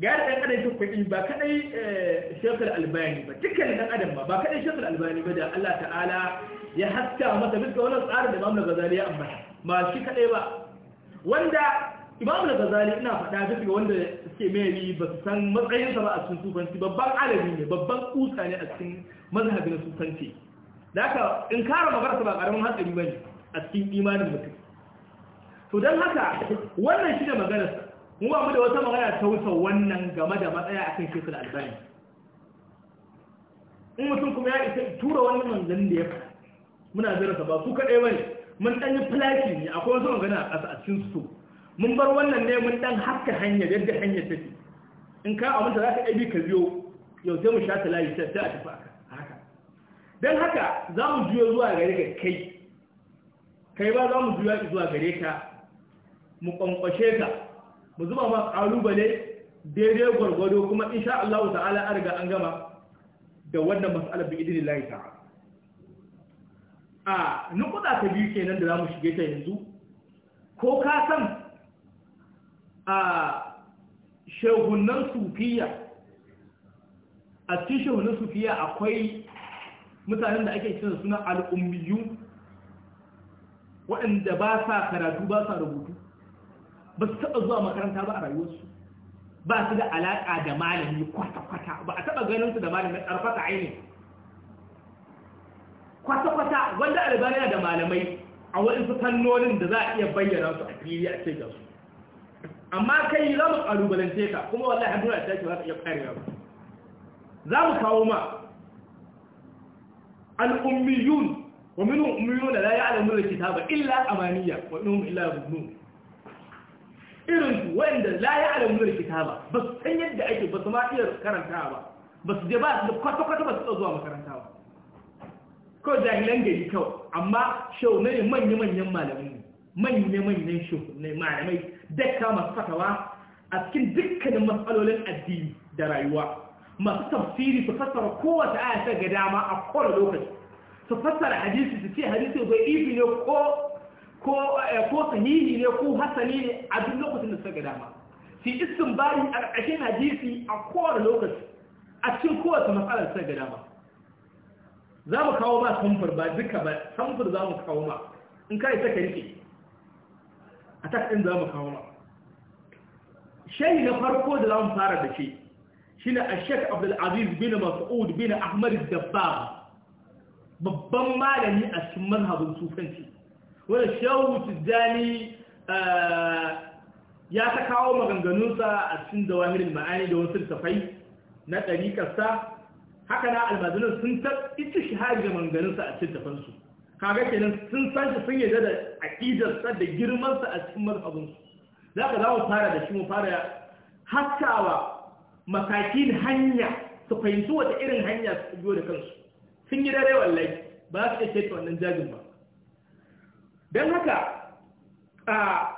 Gari ɗan adam ta kuɗi ba kaɗai eh, shekar albani ba cikin ɗan adam ba ba kaɗai shekar albani ba da Allah ta'ala ya haska masa bisa wani tsarin da Imam al ya ambata ba shi kaɗai ba wanda Imam al ina faɗa duk ga wanda suke mai ba su san matsayinsa ba a cikin sufanci babban alami ne babban kusa ne a cikin mazhabin sufanci da haka in kare magarsa ba karamin hatsari ba ne a cikin imanin mutum to don haka wannan shi da maganarsa mu ba mu da wata magana ta wuce wannan game da matsaya akan shekul albani in mutum kuma ya isa tura wani manzan da ya faɗa muna zarasa ba su kaɗai bane mun ɗan yi filaki ne akwai wasu magana a cikin su mun bar wannan ne mun ɗan haska hanyar yadda hanyar take in ka mutum za ka ɗabi ka biyo yau sai mu sha ta layi sai a tafi haka don haka za mu juyo zuwa gare ka kai kai ba za mu juya zuwa gare ka mu kwankwashe ka mu zuba ma kalubale daidai gwargwado kuma insha Allah ta'ala an riga an gama da wannan mas'alar bi idinillahi ta'ala a nukuda ta biyu kenan da zamu shige ta yanzu ko ka san a shehunan sufiya a cikin shehunan sufiya akwai mutanen da ake cin suna al'ummiyu waɗanda ba sa karatu ba sa rubutu ba su taɓa zuwa makaranta ba a rayuwarsu ba su da alaƙa da malami kwata-kwata ba a taɓa ganin su da malami ƙarfata aini kwata-kwata wanda albaniya da malamai a wani su fannonin da za a iya bayyana su a fili a ce su amma kai za mu ƙalubalance ka kuma wallahi hadura ta ce ba ka iya ƙarewa ba za mu kawo ma al'ummiyun wa minhum ummiyun la da kitaba illa amaniya wa minhum illa yadhunnun irin wanda la ya alamu da kitaba ba su san yadda ake ba su ma iya karantawa ba ba su je ba su kwata-kwata ba su zuwa makaranta ba kawai jahilan gari kawai amma shaunai ne manya-manyan malamai manya-manyan shaunai malamai dakka masu fatawa a cikin dukkanin matsalolin addini da rayuwa masu tafsiri su fassara kowace aya ta ga dama a kowane lokaci su fassara hadisi su ce hadisi bai ifi ne ko Eh, ko sahihi ne ko hasani ne a duk lokacin da suka ga dama fi istin bari a ƙarƙashin hadisi a kowane lokaci a cikin kowace matsalar suka ga dama za mu kawo ma samfur ba duka ba samfur za mu kawo ma in ka isa ka rike a ɗin za mu kawo ma shayi na farko da za mu fara da shi shi ne a shek abdulaziz bin mas'ud bin ahmad dabba babban malami a cikin mazhabin sufanci wanda shehu tijjani eh, ya ta kawo maganganunsa a cikin zawahirin ma'ani da wasu tafai na ɗariƙarsa haka na almajinan sun ta ita shahari da maganganunsa a cikin tafansu kaga kenan sun san shi sun yadda da aƙidarsa da girmansa a cikin mazhabinsu za ka za mu fara da shi mu fara haskawa matakin hanya su fahimci wata irin hanya su biyo da kansu sun yi dare wallahi ba su iya ta wannan jajin ba don haka a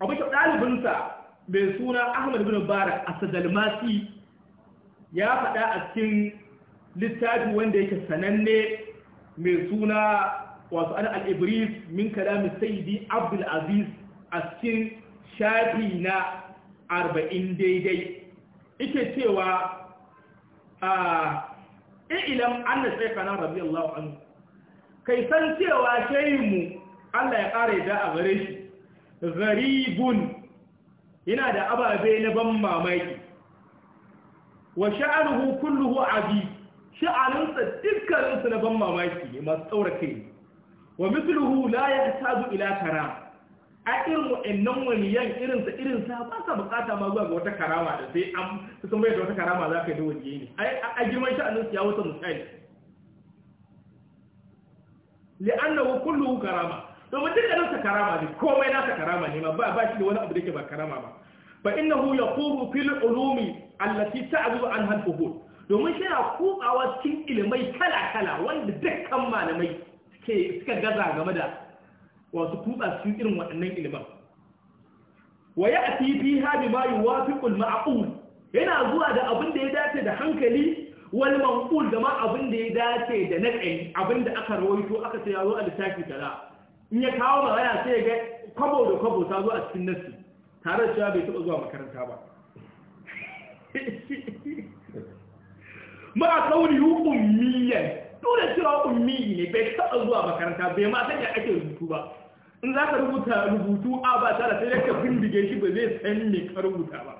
ɗalibinsa mai suna ahmad bin barak a sadalmasi ya faɗa a cikin littafi wanda yake sananne mai suna wasu ana al'ibris min kalamin sayidi abdulaziz a cikin shafi na arba'in daidai ike cewa a ilam an na tsaye kanan rabi Allah kai san cewa shayinmu Allah ya ƙara yadda a gare shi gharibun yana da ababe na ban mamaki wa sha'anuhu kulluhu abi sha'anunsa dukkaninsu na ban mamaki ne masu tsaura kai wa mithluhu la yahtaju ila kara a irin wa'annan yan irinsa irinsa ba sa bukata ma zuwa ga wata karama da sai an sun bai da wata karama za ka yi da waliyi ne a girman sha'anunsu ya wuce misali li'annahu kulluhu karama domin duk da nasa karama ne komai nasa karama ne ba ba shi da wani abu da yake ba karama ba fa innahu yaqulu fil ulumi allati ta'budu anha al-fuhul domin shi na kutsawa cikin ilimai kala kala wanda dukkan malamai suke suka gaza game da wasu kutsa cikin irin waɗannan ilman wa ya'ti fiha bima yuwafiqu al-ma'qul yana zuwa da abin da ya dace da hankali wal manqul da ma abin da ya dace da naqli abin da aka rawaito aka ce zo a littafi kaza in ya kawo magana sai ya ga kwabo da kwabo ta zo a cikin nasu, tare da cewa bai taɓa zuwa makaranta ba ma kauri ummiyan dole cewa ummiyi ne bai taɓa zuwa makaranta bai ma sanya ake rubutu ba in za ka rubuta rubutu a ba tare sai da ka bindige shi ba zai san me ka rubuta ba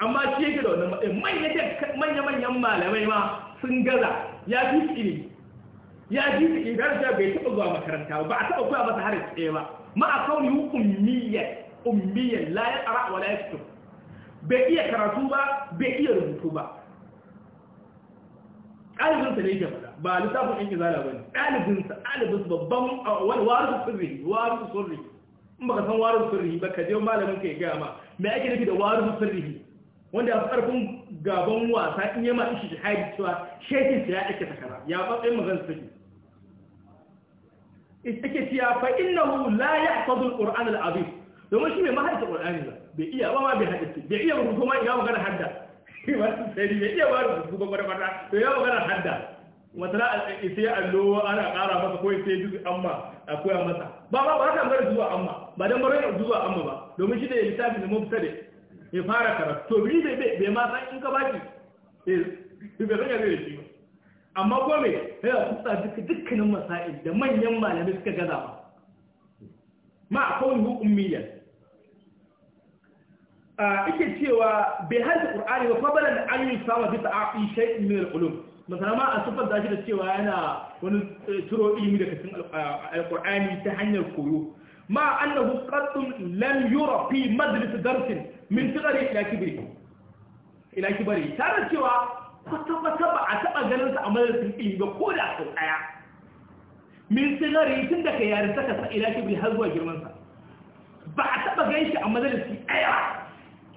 amma shi yake da wannan matsayin manya-manyan malamai ma sun gaza ya fi ilimi ya ji su idarsa bai taɓa zuwa makaranta ba a taɓa koya masa harin tsaye ba ma a kauni ummiyyar ummiyyar layar ara wa layar fito bai iya karatu ba bai iya rubutu ba ɗalibinsa ne yake fada ba lissafin yanki zala ba ne ɗalibinsa ɗalibinsa babban wani warin sirri warin sirri in baka san warin sirri ba ka je malamin ka ya gaya ma me ake nufi da warin sirri wanda ya fi gaban wasa in yi ma ishi jihadi cewa shekinsa ya ake takara ya matsayin magana sirri take cewa fa innahu la yahfazu al-Qur'an al domin shi mai mahaifin Qur'ani ba bai iya ba ma bai haddace bai iya rubutu ma ina magana hadda wasu sai bai iya ba rubutu ba kwata to Iya magana hadda wata na sai allo ana ƙara masa ko sai duk amma a koya masa ba ba ba ta magana zuwa amma ba dan bare zuwa amma ba domin shi da littafin da mafita da ya fara karatu to bi bai bai ma san in ka baki eh bai san ya zai shi ba amma gome yana kutsa duka dukkanin masa'il da manyan malamai suka gaza ba ma a kawai hukun miliyan ike cewa bai haɗa ƙur'ani ba fabalar da an yi samun bisa a ishe ilmin al'ulum masana a sufar da da cewa yana wani eh, turo ilimi daga cikin alƙur'ani ta hanyar koyo ma annahu qaddun lam yura fi majlis darsin min tigari ila kibri ila kibari tare cewa kwata-kwata ba a taɓa ganin sa a madarasin ilimi ba ko da sau ɗaya min sigari tun daga yarin ta kasa ila bai har zuwa girmansa ba a taɓa gan shi a madarasin ɗaya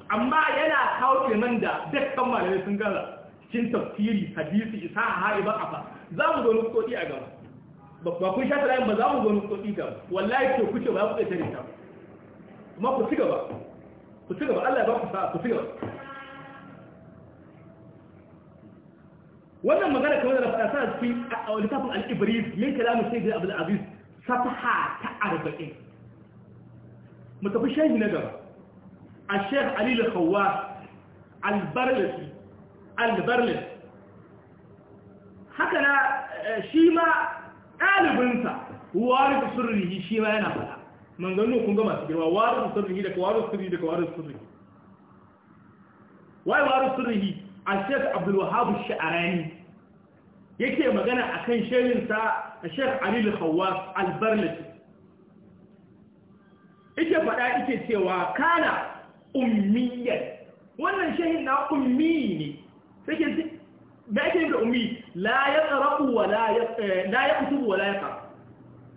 amma yana kawo ilimin da dukkan malamai sun gaza cikin tafsiri hadisi isa hari ba afa za mu zo nutsotsi a gaba ba kun sha tarayin ba za mu zo nutsotsi gaba wallahi ce kuce ba ku ɗaya tare ta kuma ku ci gaba ku ci gaba Allah ya ba ku sa'a ku ci gaba wannan magana kamar da faɗa sana cikin littafin al'ibris min kalamu sai da abdul aziz safaha ta arba'in mu tafi shahi na gaba a shekh ali al-khawwa al-barlasi al-barlasi haka na eh, shi ma ɗalibinsa warin sirrihi shi ma yana faɗa manzannin kun ga masu girma warin sirrihi daga wari da sirrihi daga warin sirrihi wai warin sirrihi a sheik abdulwahabu sha'arani yake magana a kan shirinsa a sheik alilu hawa albarlati ike faɗa ike cewa kana ummiyar wannan shahin na ummi ne take da ake da ummi la ya tsarabu wa la ya kutubu wa la ya tsara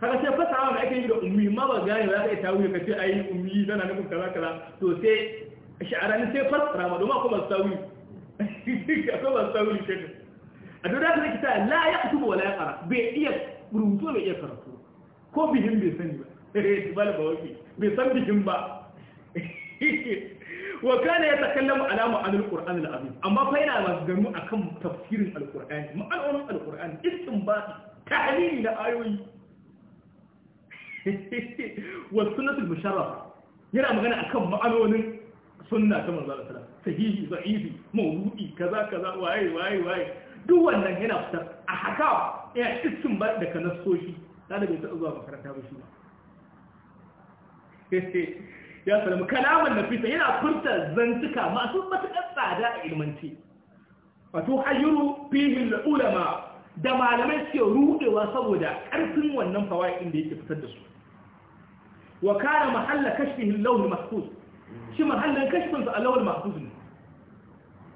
kaga sai fasawa da ake yi da ummi ma ba gane ba sai tawiye kace ai ummi tana nufin kaza kaza to sai sha'arani sai fasara ma domin kuma tawiye ya so ba su sauri shaɗin a duk da su ta la ya kutu ba wala ya kara bai iya rubutu bai iya karatu ko bihin bai sani ba eh, ba ba wake bai san bihin ba wa ya takallamu ala ma'anil qur'an al-azim amma fa yana maganganu akan tafsirin al-qur'ani ma'anonin al-qur'ani ta tahlili na ayoyi wa sunnatul musharrafa yana magana akan ma'anonin sunna ta manzo Allah sahihi da'ifi mawdu'i kaza kaza waye waye waye duk wannan yana fitar a haka ya iskin ba da kana so shi da bai taɓa zuwa makaranta ba shi ba ya salamu kalaman nafisa yana furta zantuka masu matuƙar tsada a ilmanci wato hayyuru fihin ulama da malamai suke rudewa saboda ƙarfin wannan fawa'in da yake fitar da su wa kana mahalla kashfihin launin mahfuz shi mahallin kashfinsa a lawal mahfuz ne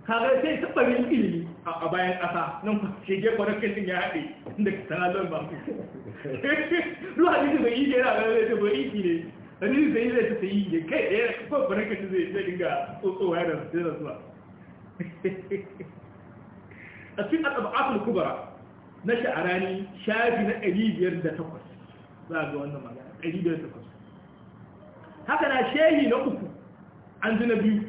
kaga sai tabarin ilimi a bayan ƙasa nan shege kwanakin din ya haɗe da ka don lawal mahfuz duk hadisi da yi da yana ganin zai yi aiki ne hadisi zai yi zai tafi yi ne kai ko kawai kwanakin zai zai dinga tsotsowa da zai rasuwa a cikin al'abatul kubra na sha'arani shafi na 158 za a ga wannan magana 158 haka na shehi na uku an ji na biyu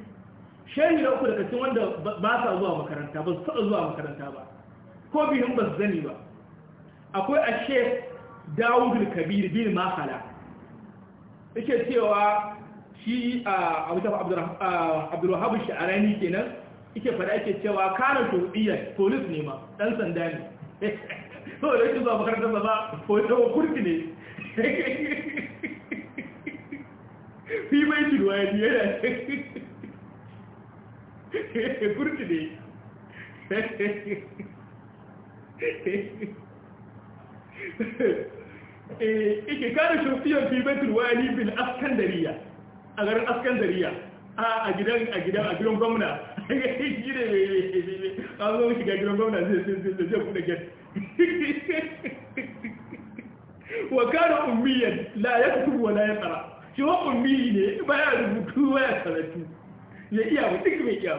shehi na uku daga cikin wanda ba sa zuwa makaranta ba su zuwa makaranta ba ko biyun ba su zani ba akwai a shek dawudul kabir bin mahala yake cewa shi a abdurrahabu sha'arani kenan yake fada yake cewa kanar turbiya polis ne ma ɗan sanda ne so da yake zuwa makaranta ba ko ta ne fi mai tilwani yana kurti ne ike kada shofiyar fi mai tilwani bin askandariya a garin askandariya a gidan a gidan a gidan gwamna gida mai an zo shiga gidan gwamna zai zai zai kuɗa gyan wa kana ummiyan la yaktubu wa la yaqra shi wa ummi ne ya rubutu ba ya karatu ya iya ba duk mai iya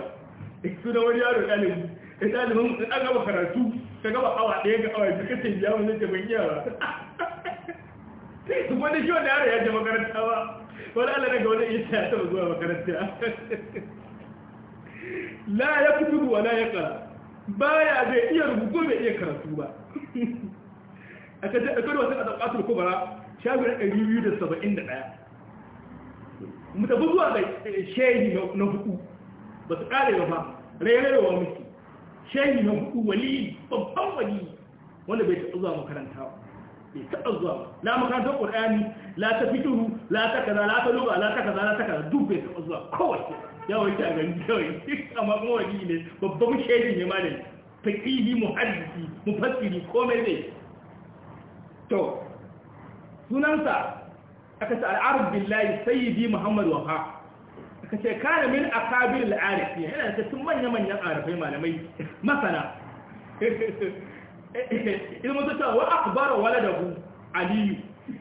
ba su da wani yaro ɗalibu da ɗalibin da gaba karatu ta gaba awa ɗaya ga awa biyu kace ya mu zai ban iya ba wani shi wani yaro ya je makaranta ba wani Allah daga wani isa ya taba zuwa makaranta la ya fi tudu wala ya ba ya zai iya rubutu bai iya karatu ba a kan wasu a tsakatul kubara shagunan 271 ɗari biyu da saba'in da ɗaya mu tafi zuwa ga shehi na hudu ba su kare ba rairayewa mutu shehi na hudu wali babban wali wanda bai taɓa zuwa makaranta bai taɓa zuwa la makarantar ƙur'ani la ta fituhu la ta kaza la ta luga la ta kaza la ta kaza duk bai taɓa zuwa kawai yawon ta gani yawon a makon wali ne babban shehi ne malami faƙihi muhaddisi mufassiri komai ne to sunansa aka ce al'arab billahi sayyidi muhammad wafa aka ce kana min akabir al'arifi yana da cikin manya-manyan arifai malamai masana idan mutu ta wa akbar waladahu aliyu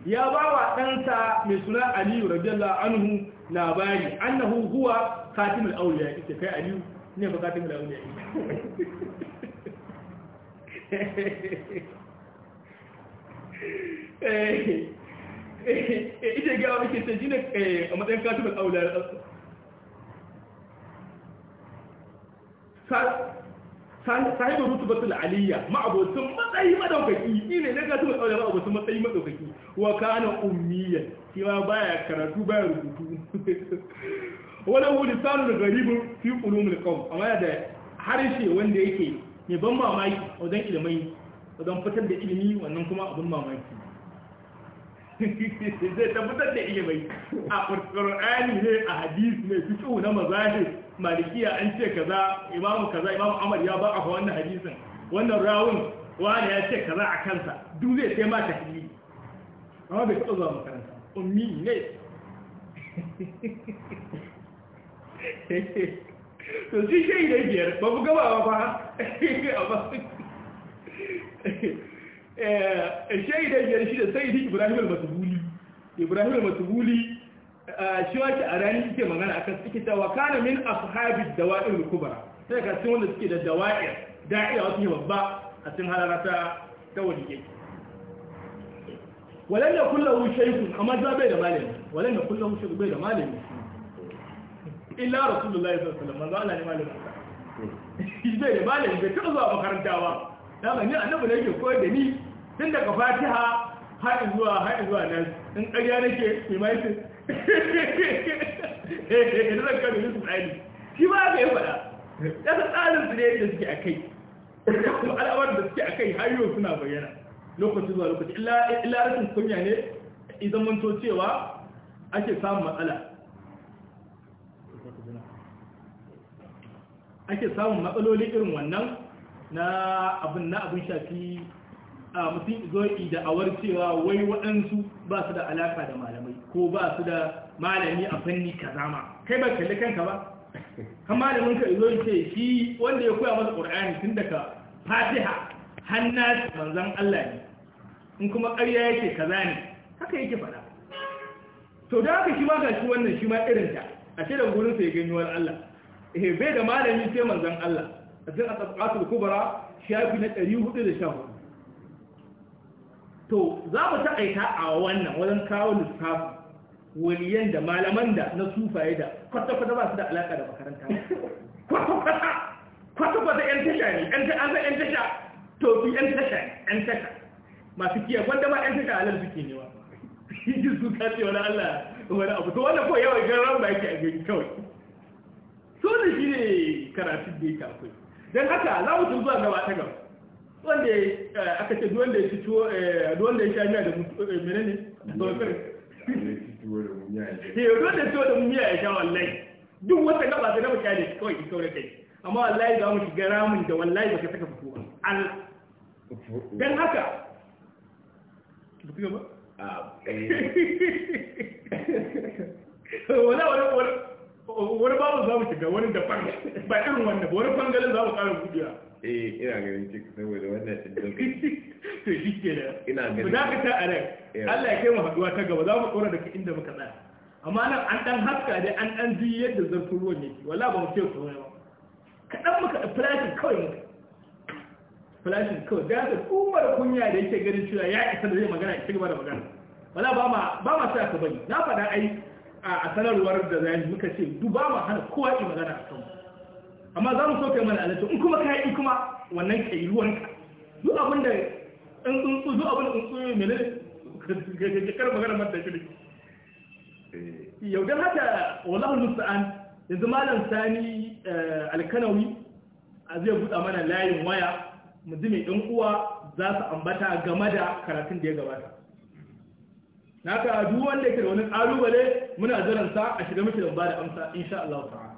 ya ba wa ɗansa mai suna aliyu radiyallahu anhu labari annahu huwa khatimul awliya ita kai aliyu ne ba khatimul awliya eh Eh, ita gawa ake ce shine eh, a matsayin katibul aula sahibu rutubatul aliyya ma'abocin matsayi madaukaki shi ne na katibul aula ma'abocin matsayi madaukaki wa kana ummiyan shi ma baya karatu baya rubutu wani hulisanu da garibin fi ulumul qawm amma da harshe wanda yake mai ban mamaki wajen ilimai wajen fitar da ilimi wannan kuma abin mamaki zai tabbatar da ilimai a ƙur'ani ne a hadisi ne fito na mazahir malikiya an ce kaza imamu kaza imamu amar ya ba a wannan hadisin wannan rawun wani ya ce kaza a kansa duk zai sai ma tahlili amma bai taɓa zuwa makaranta ummi ne to shi shi ne biyar ba ku gaba ba ba Eh, eh, shaida biyar shi da sayyidi ibrahim al-masbuli ibrahim al-masbuli eh, shi wace a rani yake magana a akan suke cewa kana min ashabi dawa'ir al-kubra sai ka cikin wanda suke da dawa'ir da'ira wasu babba a cikin halarata ta wani yake Walen da kullahu shaykhun amma za bai da malami Walen da kullahu shaykhun bai da malami illa rasulullahi sallallahu alaihi wasallam za a ne malami shi bai da malami bai taɓa zuwa makarantawa ba da ban yi annabi ne yake koyar da ni tun daga fatiha haɗin zuwa haɗin zuwa nan in ƙarya nake imaitin eh, eh, da zan kanu su tsari shi ba ga yi faɗa ƙasa tsarin su ne da suke a kai kuma al'awar da suke a kai hayo suna bayyana lokaci zuwa lokaci illa kunya ne idan manto cewa ake samun matsala ake samun matsaloli irin wannan na abin na abin shafi mutum zo'i da awar cewa wai waɗansu ba su da alaƙa da malamai ko ba su da malami a fanni kaza ma kai ba kalli kanka ba kan malamin ka zo ce shi wanda ya koya masa ƙur'ani tun daga fatiha hanna manzan Allah ne in kuma ƙarya yake kaza ne haka yake faɗa to da haka shi ma ga shi wannan shi ma irin ta a ce da gurin sa ya gani wani Allah eh bai da malami sai manzan Allah a cikin asabqatul kubra shafi na 414 to za mu taƙaita a wannan wajen kawo lissafi waliyan da malaman da na sufaye da kwata-kwata ba su da alaƙa da makaranta kwata-kwata kwata-kwata 'yan tasha ne 'yan tasha tofi 'yan tasha 'yan tasha masu kiyar wanda ma 'yan tasha halar suke ne wa yi su kace wani allah wani abu to wanda kawai yawan garan ba yake a gari kawai so da shi ne karatun da yake akwai don haka za mu zuwa gaba ta gaba wanda eh, aka ce wanda ya ci tuwo eh, ya sha da eh, mene ne sauƙar ya ya tuwo da miya ya sha wallahi duk wata gaba ta gaba kyale kawai ki saurin kai amma wallahi za mu shiga ramin da wallahi baka saka fito ba al haka ah, wala wani babu za mu shiga wani daban ba irin wannan wani bangalin za mu ƙara gudiya eh ina ganin ciki saboda wannan tindin to shi ke da ina ganin ku dakata a nan eh. Allah ya kai mu haduwa ta gaba za mu tsora daga inda muka tsaya amma nan an dan haska dai an dan ji yadda zartun ruwan yake wallahi ba mu ce komai ba kaɗan muka flashing kawai muka flashing kawai da haka tsumar kunya da yake ganin cewa ya isa da zai magana ya ci gaba da magana wala ba ma ba ma sa ka bari na faɗa ai a sanarwar da zai muka ce duba ma hana kowa yi magana a kanmu amma za mu so kai mana alatu in kuma ka yi kuma wannan kai ka duk abin da in tsuntsu duk abin da tsuntsu ne ne ka karba magana mata shi eh. yaudar haka wallahi musta'an yanzu malam sani eh, alkanawi a zai buɗa mana layin waya mu ji mai ɗan uwa za su ambata game da karatun da ya gabata naka duk wanda yake da wani ƙalubale muna jiran sa a shiga miki da ba da amsa insha Allah ta'ala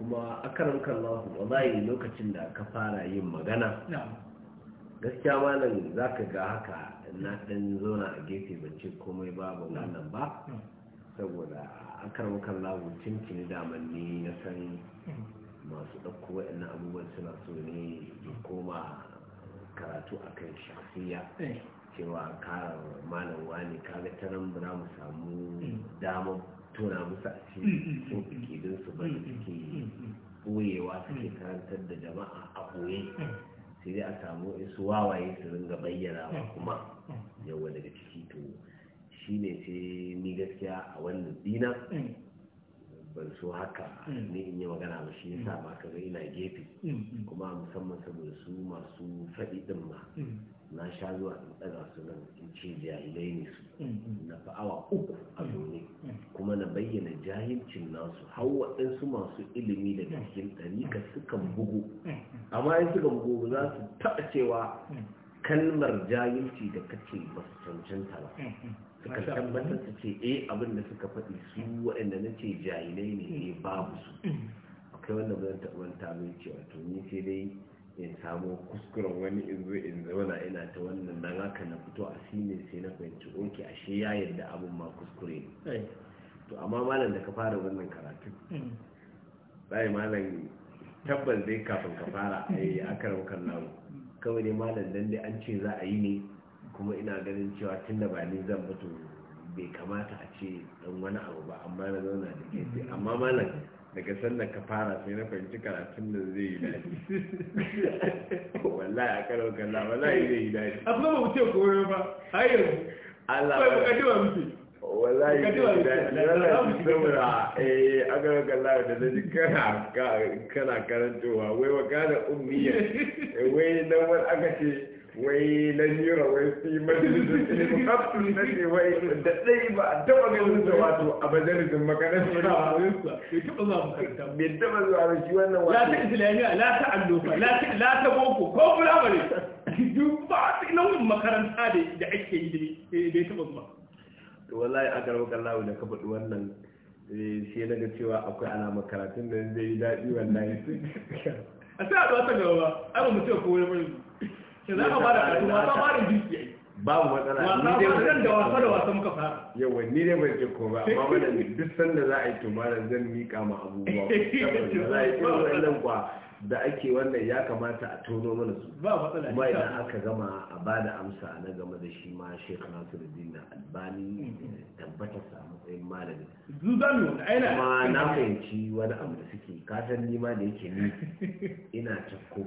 kuma akaran kallahu wallahi lokacin da ka fara yin magana gaskiya malam za ka ga haka na dan zona a gefe ce komai babu wannan ba saboda akaran kallahu cincin damanni na san masu dauko waɗannan abubuwan suna so ne ya koma karatu akan shafiya eh. cewa kara malam ne kaga ta nan mu samu hmm. damar tona musu a cikin mm, mm, mm, cikin su ba suke ɓoyewa suke karantar da jama'a a ɓoye sai dai a samu isu wawaye su ringa bayyana ba kuma yawa daga ciki to shi ne sai ni gaskiya a wannan dina ban so haka ne in yi magana ba shi yasa ka kaga ina gefe kuma musamman saboda su masu faɗi ɗin ma na sha zuwa in ɗaga su nan in ce jahilai ne su mm, mm. na fa'awa uku a mm, zaune kuma na bayyana jahilcin nasu hau waɗansu masu ilimi da cikin ɗarika suka bugu amma in suka bugu za su taɓa cewa kalmar jahilci da kake ba su cancanta ba suka tabbatar su ce eh abin da suka faɗi su waɗanda na ce jahilai ne eh, babu su akwai wanda ba zan taɓa wani cewa to ni sai dai in samu kuskuren wani in zo in zauna ina ta wannan nan haka na fito a sine sai na fahimci oke ashe ya yadda abin ma kuskure ne to amma malam da ka fara wannan karatu bai hmm. malam tabbas dai kafin ka fara ai yi akarar kallon kawai dai malam dan dai an ce za a yi ne kuma ina ganin cewa tun da ba ni zan fito bai kamata a ce dan wani abu ba amma na zauna da ke. amma malam daga sallar ka fara sai na fahimci karatun da zai yi daji wallahi a karo kalla wallahi zai yi daji a kuma mutum kome ba har yanzu Allah ba bukatuwa mutum wallahi zai yi daji wallahi saboda eh a karo kalla da na ji kana karantowa wai wa kana ummiya eh, wai nan wani aka ce wai lamira wai fi majalisun ilimin kafin na ce wai da ɗai ba a taba ganin da wato a majalisun makarantar ba bai taɓa zuwa makaranta bai taɓa zuwa ba shi wannan wato la ta islamiyya la ta allofa la ta boko ko firamare duk ba nau'in makaranta da ake yi eh, bai taɓa zuwa to wallahi aka rabu kallahu da ka faɗi wannan eh, sai na ga cewa akwai alamar karatun da zai yi daɗi wallahi a sai a ɗuwa ta gaba ba ai ba mu ce ko wani za a babu matsala ni dai wannan da wasa da wasa muka fara yawa ni dai ban ce ko ba amma wannan duk sanda za a yi tumara zan mika ma abubuwa za a yi wannan kwa da ake wannan ya kamata a tono mana su kuma idan aka gama a ba da amsa na game da shi ma sheikh nasiruddin albani mm-hmm. tabbatar sa matsayin malami kuma na fahimci wani abu da suke katan nima da yake ni ina ta ko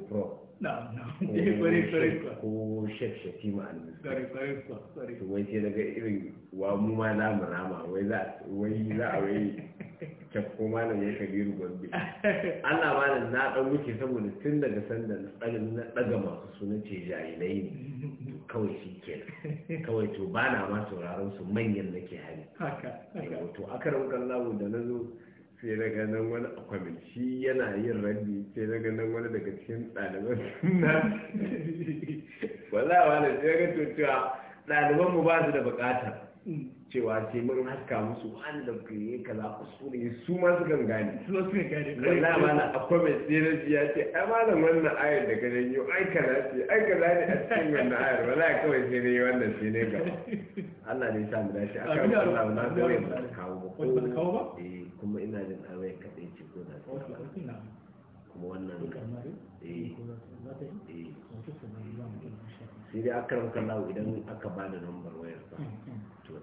ko eh, shafshafi ma'anin to wai sai daga irin wa mu ma za mu rama wai za a wai cakko malam ya kabiru gombe Allah malam na dan wuce saboda tun daga sanda na daga masu sunan ce jahilai ne kawai shi kenan kawai to bana ma sauraron su manyan nake hali haka to akaram kallahu da nazo sai na ganin wani akwamin shi yana yin rabi sai na ganin wani daga cikin ɗaliban suna wala wani sai ga cutuwa ɗaliban mu ba su da bukata mm. cewa ce mun haska musu wanda ku yi kaza su ne su ma su kan gane su su ne gane wallahi ma na akwai mai tsere ya ce ai malam wannan ayar da ka janyo ai kaza ce ai kaza ne a cikin wannan ayar wallahi kawai sai ne wannan sai ne gaba Allah ne sa mu dace aka yi Allah na ga wai ba kawo ba ba kawo ba eh kuma ina jin awai kadai ce ko da kuma wannan eh eh sai dai akaram kallahu idan aka bada lambar wayar sa hmm.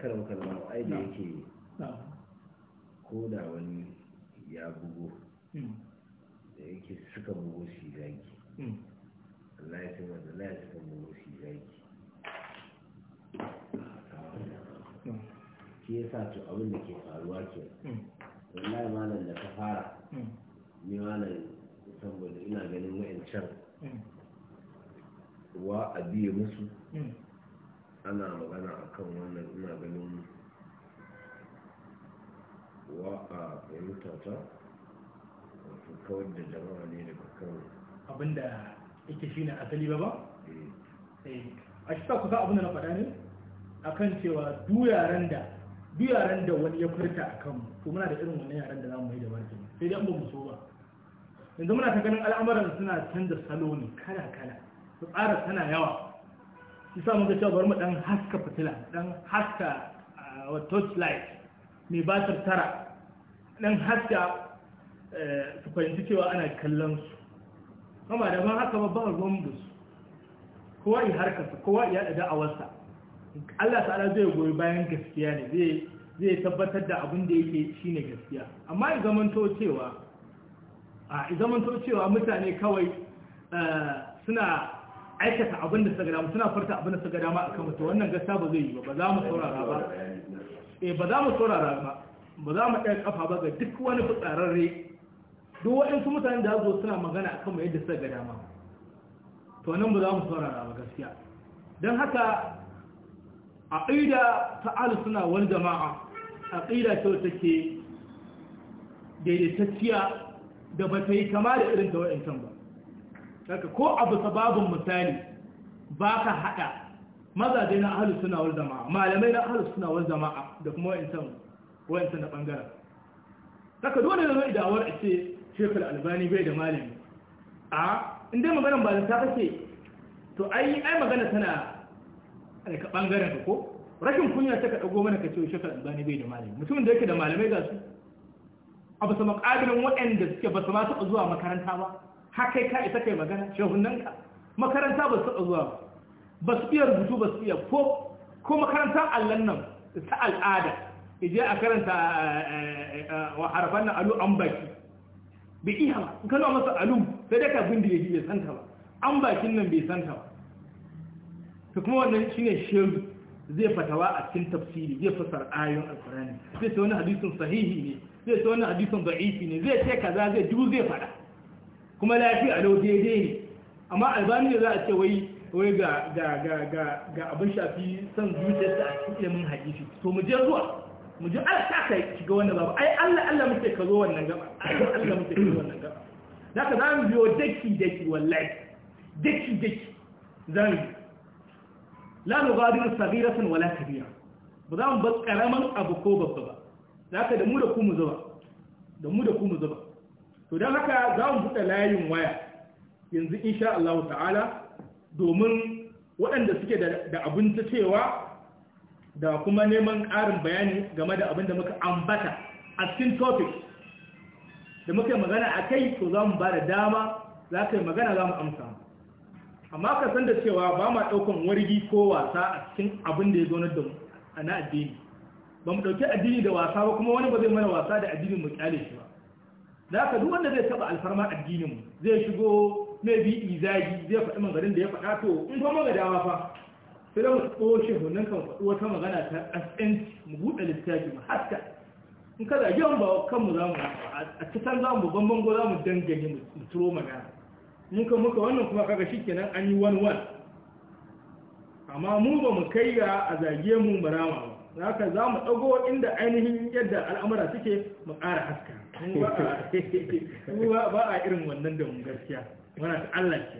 akar maka zama ai da yake ko da wani ya bugo hmm. da yake suka bugo shi zaki hmm. Allah ya sanya da Allah ya suka bugo shi zaki shi ya sa to abin da ke faruwa ke hmm. wallahi malam da ka fara ni malam saboda ina ganin wa'ancan wa a biye musu ana magana akan wannan ina ganin waka ya mutata wato kawai da jama'a ne daga kan abinda yake shi ne asali ba ba? Eh. Eh. a shi kusa abin da na faɗa ne a kan cewa duyaren da duyaren da wani ya furta a kan to muna da irin wani yaren da za mu yi da warke sai dai an ba mu so ba yanzu muna ta ganin al'amuran suna canza salo ne kala kala su tsara tana yawa shi samun muka cewa bari mu dan haska fitila dan haska wa ah, touch light mai batar tara dan haska eh, su fahimci cewa ana kallon su kuma da ban haka ba ruwan da su kowa yi harkarsa kowa ya da da'awarsa Allah ta'ala zai goyi bayan gaskiya ne zai zai tabbatar da abin da yake shine gaskiya amma ya to cewa a to cewa mutane kawai eh, suna aikata abin da suka dama suna furta abin da suka dama akan mutu wannan gaskiya ba zai yi ba ba za mu saurara ba eh ba za mu saurara ba ba za mu ɗaya kafa ba ga duk wani fitsararre duk waɗansu mutane da zo suna magana akan mu yadda suka ga dama to nan ba za mu saurara ba gaskiya don haka a ƙida ta al suna wani jama'a a aqida ce ke daidaitacciya da ba ta yi kama da irin ta wa'ancan ba saka ko abu sababin misali ba ka haɗa mazaje na ahalus suna wal jama'a malamai na ahalus suna wal jama'a da kuma wa'insan wa'insan na ɓangaren saka dole da zai dawar a ce shekul albani bai da malami a inda maganar ba da ta kake to ai ai magana tana ka ɓangaren ka ko rashin kunya ta ka ɗago mana ka ce shekul albani bai da malami mutumin da yake da malamai ga su abu sama ƙadirin waɗanda suke ba su ma taɓa zuwa makaranta ba har kai ka isa kai magana shehunanka makaranta ba su zuwa ba su iya rubutu ba su iya ko ko makarantar allan nan ta al'ada ije a karanta wa eh, eh, eh, harfan na alu an baki bai iya ba in kano masa alu sai dai ka bindi yaji bai santa ba an bakin nan bai santa ba to kuma wannan ne shehu zai fatawa a cikin tafsiri zai fasar ayoyin alkurani zai ta wani hadisin sahihi ne zai ta wani hadisin da'ifi ne zai ce kaza zai duk zai fada kuma lafiya lau daidai ne amma albani da za a ce wai ga ga ga ga ga abin shafi san zuciyarsa a cikin ilimin hadisi to mu je zuwa mu je Allah ta kai shiga wannan babu ai Allah Allah muke ka zo wannan gaba Allah muke ka zo wannan gaba zaka za mu biyo daki daki wallahi daki daki Za zan la nugadiru saghiratan wala kabira ba za mu bar karaman abu ko babba ba zaka da mu da ku mu zuba da mu da ku mu zuba to dan haka za mu buɗe layin waya yanzu insha Allah ta'ala domin waɗanda suke da abin ta cewa da kuma neman ƙarin bayani game da abin da muka ambata a cikin topic da muka magana a kai to za mu ba da dama za ka yi magana za mu amsa amma ka san da cewa ba ma ɗaukan wargi ko wasa a cikin abin da ya zo na da na addini ba mu ɗauki addini da wasa ba kuma wani ba zai mana wasa da addini mu kyale shi ba da haka duk wanda zai taba alfarma addinin zai shigo mai bi izagi zai faɗi maganin da ya faɗa to in kuma ga dawa fa sai da mu tsoho nan kan faɗi wata magana ta asyanci mu buɗe littafi mu haska in ka zage mu ba kanmu za mu a cikin za mu babban bango za mu dangane mu turo magana mun kan muka wannan kuma kaga shikenan an yi wani wani amma mu ba mu kai ga a zage mu marama ba haka za mu ɗago inda ainihin yadda al'amura suke mu ƙara haska mu ba a irin wannan da mun gaskiya muna ta Allah ce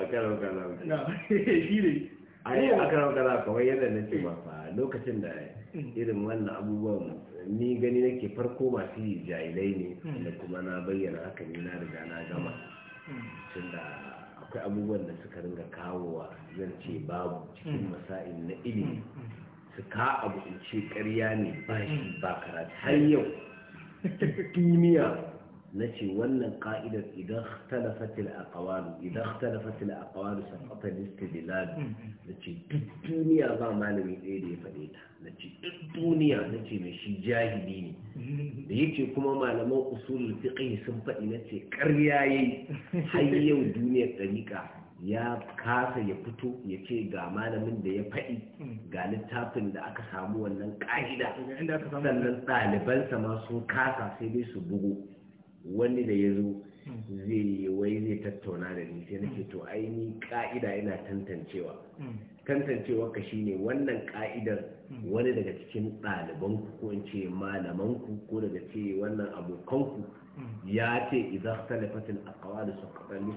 akara kala na shi akara kala kamar yadda na ce ba fa lokacin da irin wannan abubuwan ni gani nake farko masu yi jahilai ne da kuma na bayyana haka ne na riga na gama cikin da akwai abubuwan da suka ringa kawowa zan ce babu cikin masa'in na ilimi su ka abu in ce karya ne ba shi ba karatu har yau kimiyya na ce wannan ka'idar idan talafatil a idan talafatil aqwalu saqata istidlal na ce duk duniya ba malami ɗaya da ya faɗe ta na ce duk duniya na ce mai shi jahili ne da yake kuma malaman usulul fiqh sun faɗi na ce ƙarya yayi har yau duniyar ɗariƙa ya kasa ya fito ya ce ga malamin da ya faɗi hmm. ga littafin da aka samu wannan ƙa'ida sannan ɗalibansa ma sun kasa sai dai su bugu wani da ya zo hmm. zai wai zai tattauna da ni sai nake hmm. to ai ni ƙa'ida yana tantancewa tantancewa ka shine wannan ƙa'idar wani daga cikin ɗalibanku ko in ce malamanku ko daga ce wannan abokanku ya ce idan talafatin akawa da su kaɗan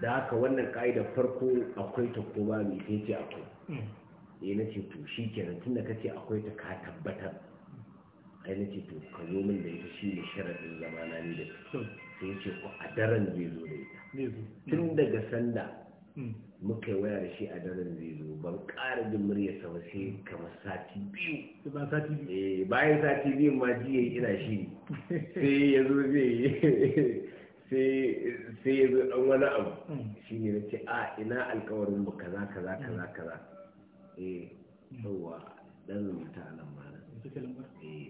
da haka wannan ka'idar farko akwai ta ko ba mai sai ce akwai ya eh, na ce to shi kenan tun da ka ce akwai ta ka tabbatar ai na ce to ka zo min da ita shi ne sharaɗin zama na ni da sai ce ko a daren zai zo da ita tun daga sanda mm. muka yi waya da shi a daren zai zo ban ƙara jin murya sama sai kamar sati biyu eh, bayan sati biyu ma jiya ina shi sai ya zo zai sai ya zo dan wani abu mm. shi ne na ce a ina alkawarin mu kaza kaza mm. kaza kaza eh mm. yawa dan rubuta nan ma nan eh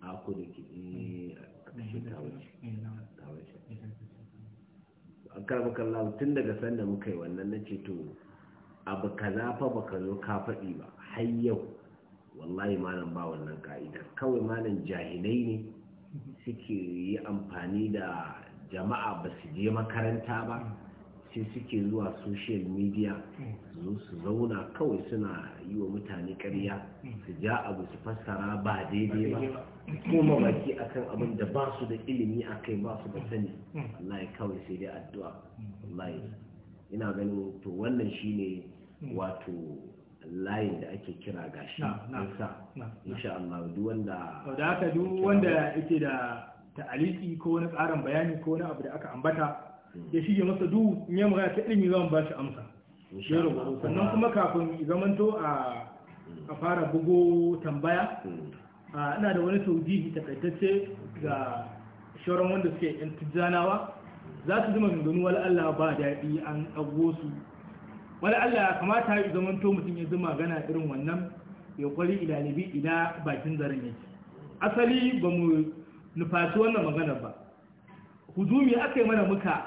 a ku da ki eh a kashe ta tawace eh, an karba kallon tun daga sanda muka yi wannan na ce to abu kaza fa baka zo ka faɗi ba har yau wallahi malam ba wannan ka'ida kawai malam jahilai ne suke yi amfani da jama'a ba su je makaranta ba sai suke zuwa social media zo su zauna kawai suna yi wa mutane karya su ja abu su fassara ba daidai ba kuma baki akan abin da ba su da ilimi a kai ba su da sani ya kawai sai dai addu'a wallahi ina ganin to wannan shine wato layin da ake kira gashi sa insha Allah duk wanda da haka duk wanda yake da ta'aliki ko wani ƙarin bayani ko wani abu da aka ambata hmm. ya shige masa duk in ya magana ta ilimi zan ba shi amsa ya sannan kuma kafin zamanto a a hmm. fara bugo tambaya hmm. ina da wani taujihi takaitacce ga shauran wanda suke yan tijjanawa za su zama ganganu wala Allah ba daɗi an ɗago su wani Allah kamata ya zamanto mutum ya zama gana irin wannan ya kwari ilalibi ina bakin zarin yake asali ba mu nufaci wannan magana ba hujumi aka yi mana muka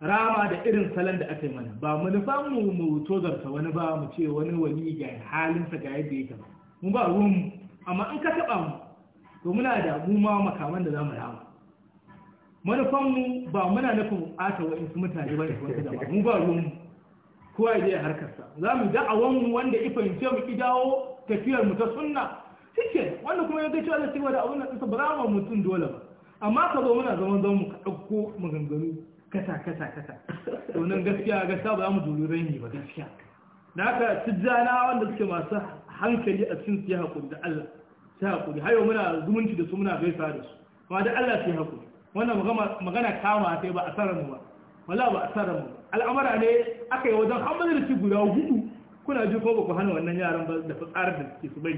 rama da irin salon da aka yi mana ba mu nufa mu mu tozarta wani ba mu ce wani wani ga halinsa ga yadda yake ba mu ba ruwan mu amma in ka taɓa mu to muna da mu ma makaman da za mu rama manufanmu ba muna nufin ata wa'insu mutane ba ne wata da ba mu ba ruwan mu kowa ya je harkarsa za mu da mu wanda ifance mu ki dawo tafiyar mu ta sunna shike wanda kuma ya ga cewa zai cigaba da abun ba za mu mutum dole ba amma ka zo muna zaman zaman mu ka dauko maganganu kasa kasa kasa to nan gaskiya sa ba za mu dole rani ba gaskiya da haka tijjana wanda suke masu hankali a cikin su ya da Allah su haƙuri har hayo muna zumunci da su muna gaisa da su amma da Allah sai ya wannan magana kama sai ba a sarar mu ba wala ba a sarar mu ba al'amara ne aka yi wajen shi guda hudu kuna ji ko baku hana wannan yaran ba da fitsarar da suke su bai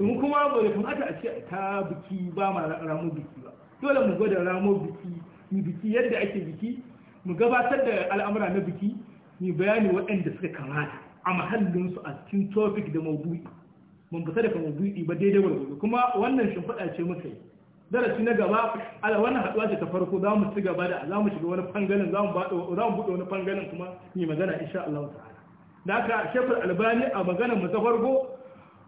in kuma ba da kamata a ce ta biki ba ma ramu biki ba dole mu gwada ramu biki mu biki yadda ake biki mu gabatar da al'amura na biki mu bayani waɗanda suka kamata a su a cikin topic da mabudi mun fita daga maudu'i ba daidai gwargwado kuma wannan shimfiɗa ce muka yi darasi na gaba ala wannan haduwa ce ta farko za mu ci gaba da za mu shiga wani fangalin za mu buɗe wani fangalin kuma yi magana insha Allah ta'ala da aka shekul albani a maganar mu ta farko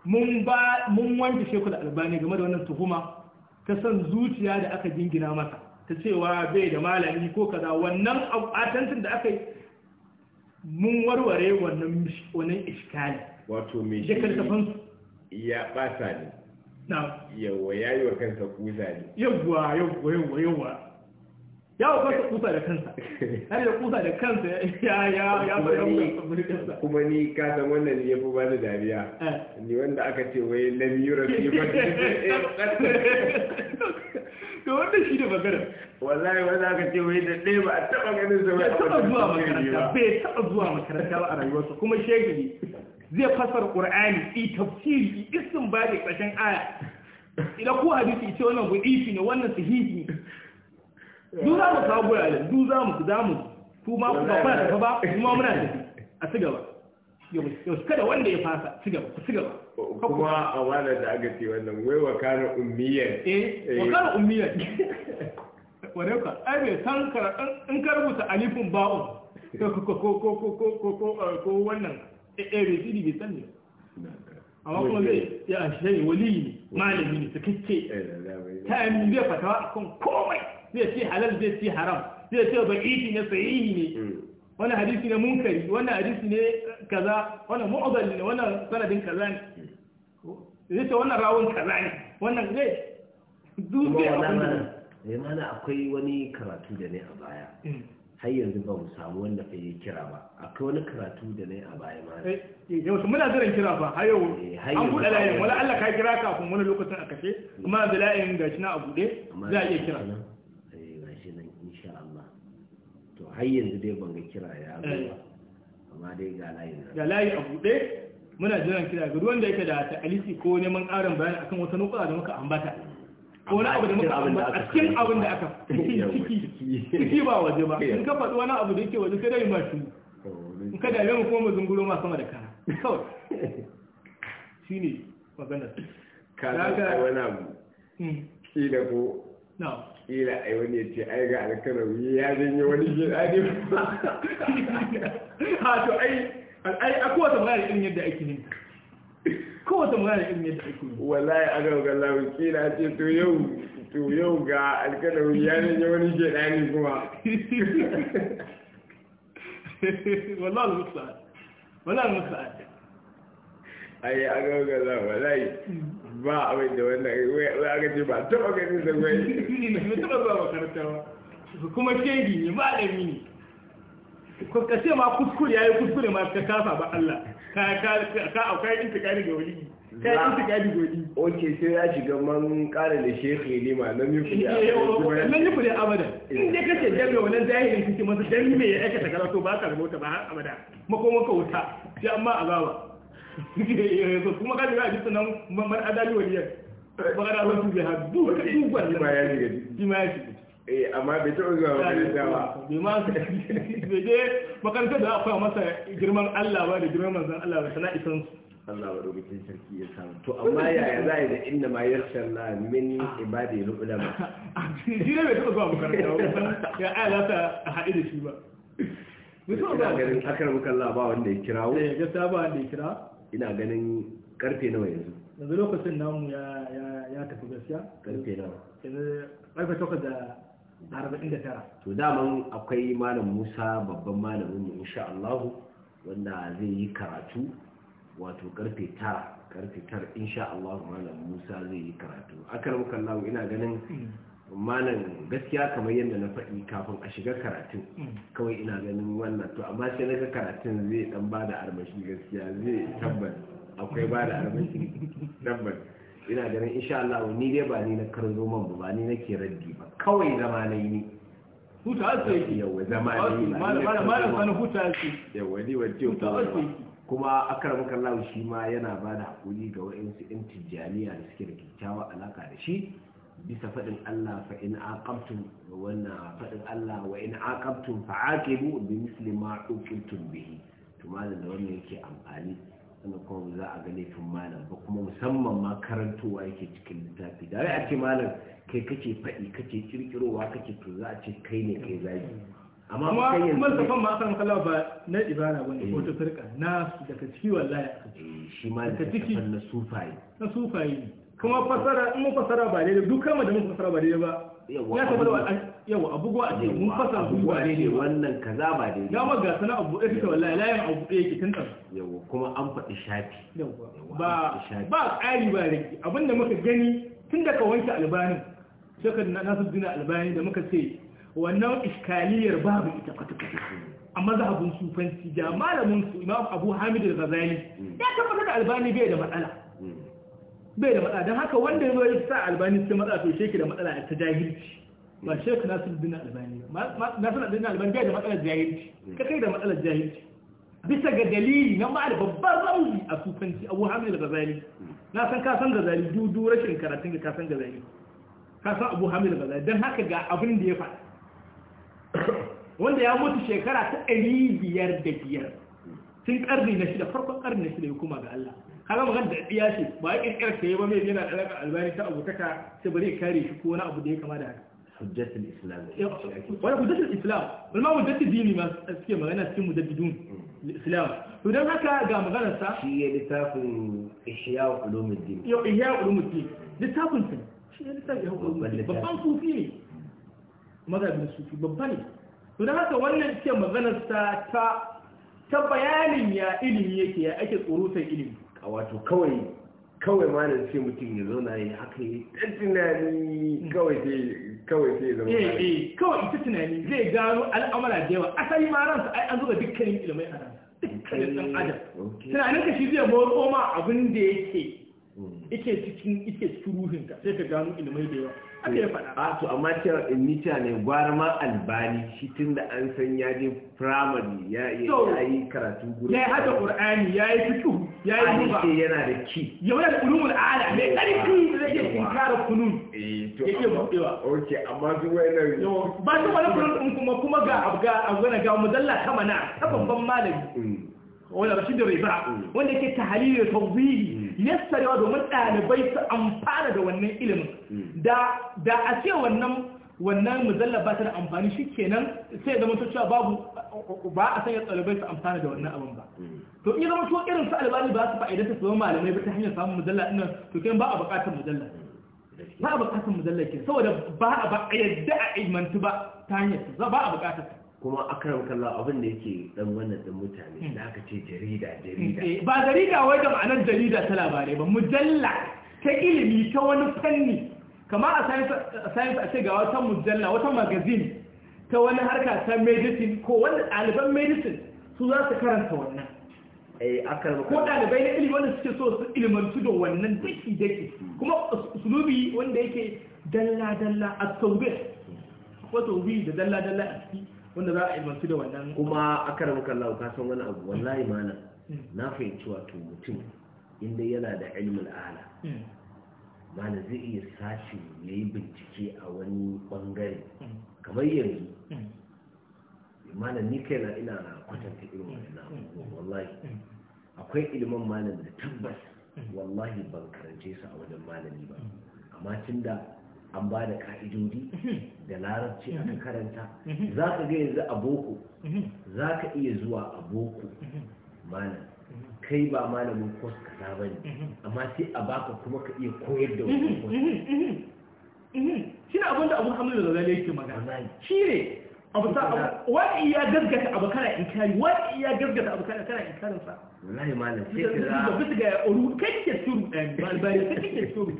mun wanke shekul albani game da wannan tuhuma ta san zuciya da aka jingina masa ta cewa bai da malami ko kaza wannan atancin da aka yi mun warware wannan iskali wato me shi ya bata ne yawa ya yi wa kansa kusa ne yawa yawa yawa yawa ya wa kansa kusa da kansa har da kusa da kansa ya ya ya ba kuma ni ka san wannan ya fi bani dariya eh. ni wanda aka ce wai lam yura fi ba to wanda shi da magana wallahi wanda aka ce wai da ɗaya ba a taba ganin sa ba taɓa zuwa makaranta bai taɓa zuwa makaranta ba a rayuwarsa kuma shegari zai fasar qur'ani i tafsiri ba da kashin aya ila ko hadisi ce wannan gudifi ne wannan sahihi du za mu kawo gurare du za mu za mu ku ma ku ba fara tafa ba kuma muna tafi a ci gaba yau kada wanda ya fasa ci gaba ku ci gaba kuma a wannan da aka ce wannan wai wa kana ummiyar eh wa kana ummiyar wane ka ai bai san in ka rubuta alifin ba'un ko ko ko ko ko ko wannan ɗaya tsiri bai sani amma kuma zai ya shayi wali ne malami ne sakakke ta yi zai fatawa a kan komai zai ce halal zai ce haram zai ce baƙiƙi ne sahihi ne wani hadisi ne munkari wani hadisi ne kaza wani mu'adal ne wani sanadin kaza ne zai ce wannan rawun kaza ne wannan zai duk a abin da mana akwai wani karatu da ne a baya hmm. har yanzu ba mu samu wanda ka yi kira ba akwai wani karatu da na yi a baya ma eh, eh, yau su muna jiran kira ba har yau eh, an buɗe layin wala Allah ka kira kafin wani lokacin a kashe kuma da layin shi na a buɗe za a iya kira shi nan insha Allah to har yanzu dai ban ga kira ya ba amma dai ga layin ga layi a buɗe muna jiran kira ga da yake da alisi ko neman ƙarin bayani akan wata nukula da muka ambata a wani abu da muka ambata a cikin abin da aka ciki ciki ba waje ba in ka faɗi wani abu da yake waje sai dai mashi in ka dame mu kuma zunguro ma sama da kana kawai shi ne maganar ka zaka wani abu hmm. kila ko kila ai wani ya ce ai ga alkanawi ya janyo wani gida ne ha to ai ai akwai wata magana irin yadda ake yin kowace magana irin yadda ake yi wallahi a ce to yau to yau ga ne wani kuma wallahi wallahi wallahi ba abin da wannan wai aka ce ba taba ganin da wai ne taba zuwa makaranta ba kuma shegi ne mini ko ma kuskure yi kuskure ma ka kasa ba Allah ka ka ka aukai din tikari ga wali kai din tikari ga wali okay sai ya shiga man kare da shekhi ne eh, oh, ma nan yufu da nan yufu da abada eh. in dai kace dabe wannan jahilin kike masa dan me ya aikata karatu ba ka ta ba a abada makoman ka wuta sai amma azaba eh, kuma ka ji a jikin nan man adali waliyan ba ka da wasu bi duk duk wannan ya shiga shi ma ya shiga Eh, amma bai taɓa zuwa makaranta ba bai ma bai masa girman Allah ba da girman manzon Allah ba sana isan su Allah wa rubutun sarki ya samu to amma yaya za a yi da inda ma ya shalla min ibadi na ulama shi ne bai taɓa zuwa makaranta ba ya aya za ta haɗe da shi ba ina ganin akar mukalla ba wanda ya kira wu ya ta ba wanda ya kira ina ganin karfe nawa yanzu yanzu lokacin namu ya tafi gaskiya karfe nawa yanzu karfe takwas da to daman akwai malam musa babban malamin mu insha Allah wanda zai yi karatu wato karfe tara karfe tara insha Allah malam musa zai yi karatu muka lahu ina ganin malam gaskiya kamar yadda na faɗi kafin a shiga karatun kawai ina ganin wannan to amma sai na ga karatun zai dan ba da armashi gaskiya zai tabbata akwai ba da armashi tabbata ina ganin insha Allah ni dai ba ni na karzo man ba ni nake raddi ba kawai zama na yi ne huta asu yake yawa zama na yi malam sani huta asu yawa ni wacce huta asu kuma muka kallahu shi ma yana ba da hakuri ga wa'ansu yan tijjaniya da suke da kyakkyawa alaka da shi bisa faɗin Allah fa in aqabtum wannan faɗin Allah wa in aqabtum fa aqibu bi misli ma uqiltum bihi to malam da wannan yake amfani sannan kuma ba za a ga laifin malam ba kuma musamman ma karantowa yake cikin littafi da a ce malam kai kake faɗi kake kirkirowa kake to za a ce kai ne kai zagi amma kuma yanzu safan ma san kallon ba na ibana ba ne ko eh. ta sarka na daga ciki wallahi eh, shi ma daga ciki na sufaye na sufaye kuma fasara in fasara ba daidai duk kama da mu fasara ba daidai ba ya saboda yawa abugo a ce mun fasa gwiwa ne ne wannan kaza ba daidai dama ga sana abu ɗaya ta wallahi layin abu ɗaya ke tantar yawa kuma an faɗi shafi ba ba ƙari ba rage abinda muka gani tun da ka wanke albanin na nasu dina albani da muka ce wannan iskaliyar babu ita kwata-kwata a mazhabin sufanci da malamin su imam abu Hamidu ghazali hmm. ya tabbatar da albani bai da matsala hmm. bai da matsala don haka wanda ya sa albani cikin matsala to sheki da matsala ta jahilci ba shek nasir bin albani ba, na nasir bin albani bai da matsalar jahilci hmm. ka kai da matsalar jahilci bisa ga dalili na ba da babban rauni a sufanci abu hamid al-ghazali hmm. na san ka san ghazali dudu rashin karatun ka san ghazali ka san abu hamid da ghazali Don haka ga abin da ya faɗa wanda ya mutu shekara ta ɗari biyar da biyar tun ƙarni na shida farkon ƙarni na shida ya kuma ga Allah kaga magana da ɗiya ce ba ya ƙirƙirar ta yi ba mai yana da albani ta abutaka sai zai kare shi ko wani abu da ya kama da haka hujjatul islam wala hujjatul islam wal ma hujjatul dini ma suke magana cikin mujaddidun islam to haka ga maganar shi ya littafin ihya ulumuddin yo ihya ulumuddin littafin shi ya littafin ihya ulumuddin babban sufi ne mazhabin sufi babba ne to dan wannan ce maganar ta bayani bayanin ya ilimi yake ya ake tsorotar ilimi a wato kawai kawai malam sai mutum ya zauna ya haka yi ɗan tunani kawai sai kawai sai ya zama eh eh kawai ita tunani zai gano al'amara da yawa asali ma ransa ai an zuba dukkanin ilimai a ransa dukkanin dan adam tunanin ka shi zai moro ma abin da yake hmm. yake cikin yake cikin ruhinka sai ka gano ilimai da yawa a to amma cewa inita ne gwara ma albani shi tun da an san ya je ya yi karatu gudu ya yi hada ƙur'ani ya yi fito ya yi ruba ke yana da ki yau da ulumul al'ada mai ƙarfi da ke yi kara kunun eh, ya ke buɗewa ok amma su wani ba su wani kunun ɗin kuma kuma ga abga abgana ga mudalla kama na ta mm. babban malami mm. wanda rashid da bai ba mm. wanda yake tahalili da tawbihi yassarewa domin ɗalibai su amfana da wannan ilimin hmm. da a ce wannan wannan mujallar ba ta da amfani shi kenan sai zama to cewa babu ba a sanya ɗalibai su amfana da wannan abin ba hmm. to in zama to irin su albani ba su fa'ida su zama malamai ba ta hanyar samun mujallar ɗin to kenan ba a buƙatar mujallar hmm. ba a buƙatar mujallar ke saboda ba a yadda a ilmantu ba ta hanyar ba a buƙatar kuma akaram Kalla, abin da yake dan wannan din mutane hmm. da aka ce jarida jarida eh, ba jarida wai da ma'anar jarida ta labarai ba mujalla ta ilimi ta wani fanni Kama a science a ce ga wata mujalla wata magazine ta wani harka ta medicine ko wani ɗaliban medicine su za su karanta wannan eh, ko ɗalibai na ilimi wanda suke so su ilimantu da wannan daki daki kuma sulubi wanda yake dalla dalla a tauge ko taubi da dalla dalla a ciki wanda za a da wannan kuma a karin kallahu ka san wani abu wallahi mana hmm. na fahimci wato mutum inda yana da ilmin ala hmm. mana zai iya sashi ya yi bincike a wani bangare hmm. kamar yanzu mana ni kai na ina kwatanta irin wannan wallahi akwai ilimin malam da tabbas wallahi ban karance su a wajen malami ba amma tun da an ba da ka'idodi mhm. da larabci a karanta mhm. za ka ga yanzu a boko mhm. za ka iya zuwa a boko malam kai ba malamin kwas ka ba ne amma sai a baka kuma ka iya koyar da wani kwas shi ne abinda abu hamdu da zai yake magana shi ne abu sa wani iya gazgata abu kana inkari wani iya gazgata abu kana kana inkarin sa wallahi malam sai ka ga bisa ga uru kai ke suru dan ba ba ke suru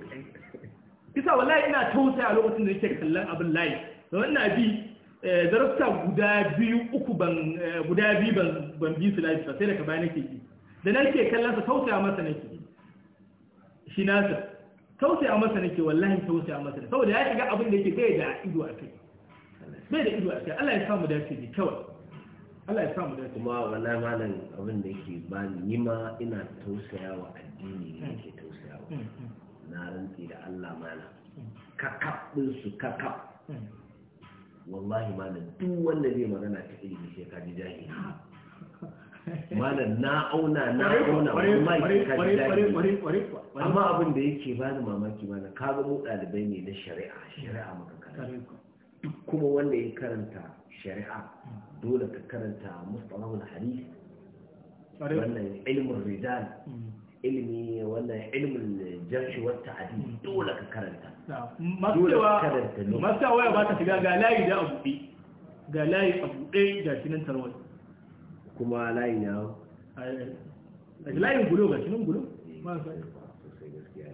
kisa wallahi ina tausaya a lokacin da yake kallon abin layi da wannan bi zarafta eh, guda biyu uku ban eh, guda biyu ban ban bi su layi sai da ka bayan nake ki da nake kallon sa tausaya masa nake shi nasa tausaya masa nake wallahi tausaya masa saboda ya shiga abin da yake bai da ido a kai bai da ido a kai Allah ya sa mu dace ne kawai Allah ya sa mu dace kuma wallahi malam abin da yake bani ni ma ina tausayawa addini ne ke tausayawa mm, mm. na rantsi da Allah mana kakaf din su kakaf wallahi malam duk wanda zai magana ta ilimi sai ka ji jahi malam na auna na auna wallahi sai ka ji amma abin da yake bani mamaki mana ka ga mu dalibai ne na shari'a shari'a maka karanta duk kuma wanda ya karanta shari'a dole ka karanta mustalahul hadith wannan ilmin ridal mm. ilimi wannan ilimin jarshi wata adi dole ka karanta masu waya ba ta shiga ga layi da abu ɗi ga layi abu ɗai ga shinin tarwai kuma layi na layin gulo ga shi nan eh, shinin gaskiya.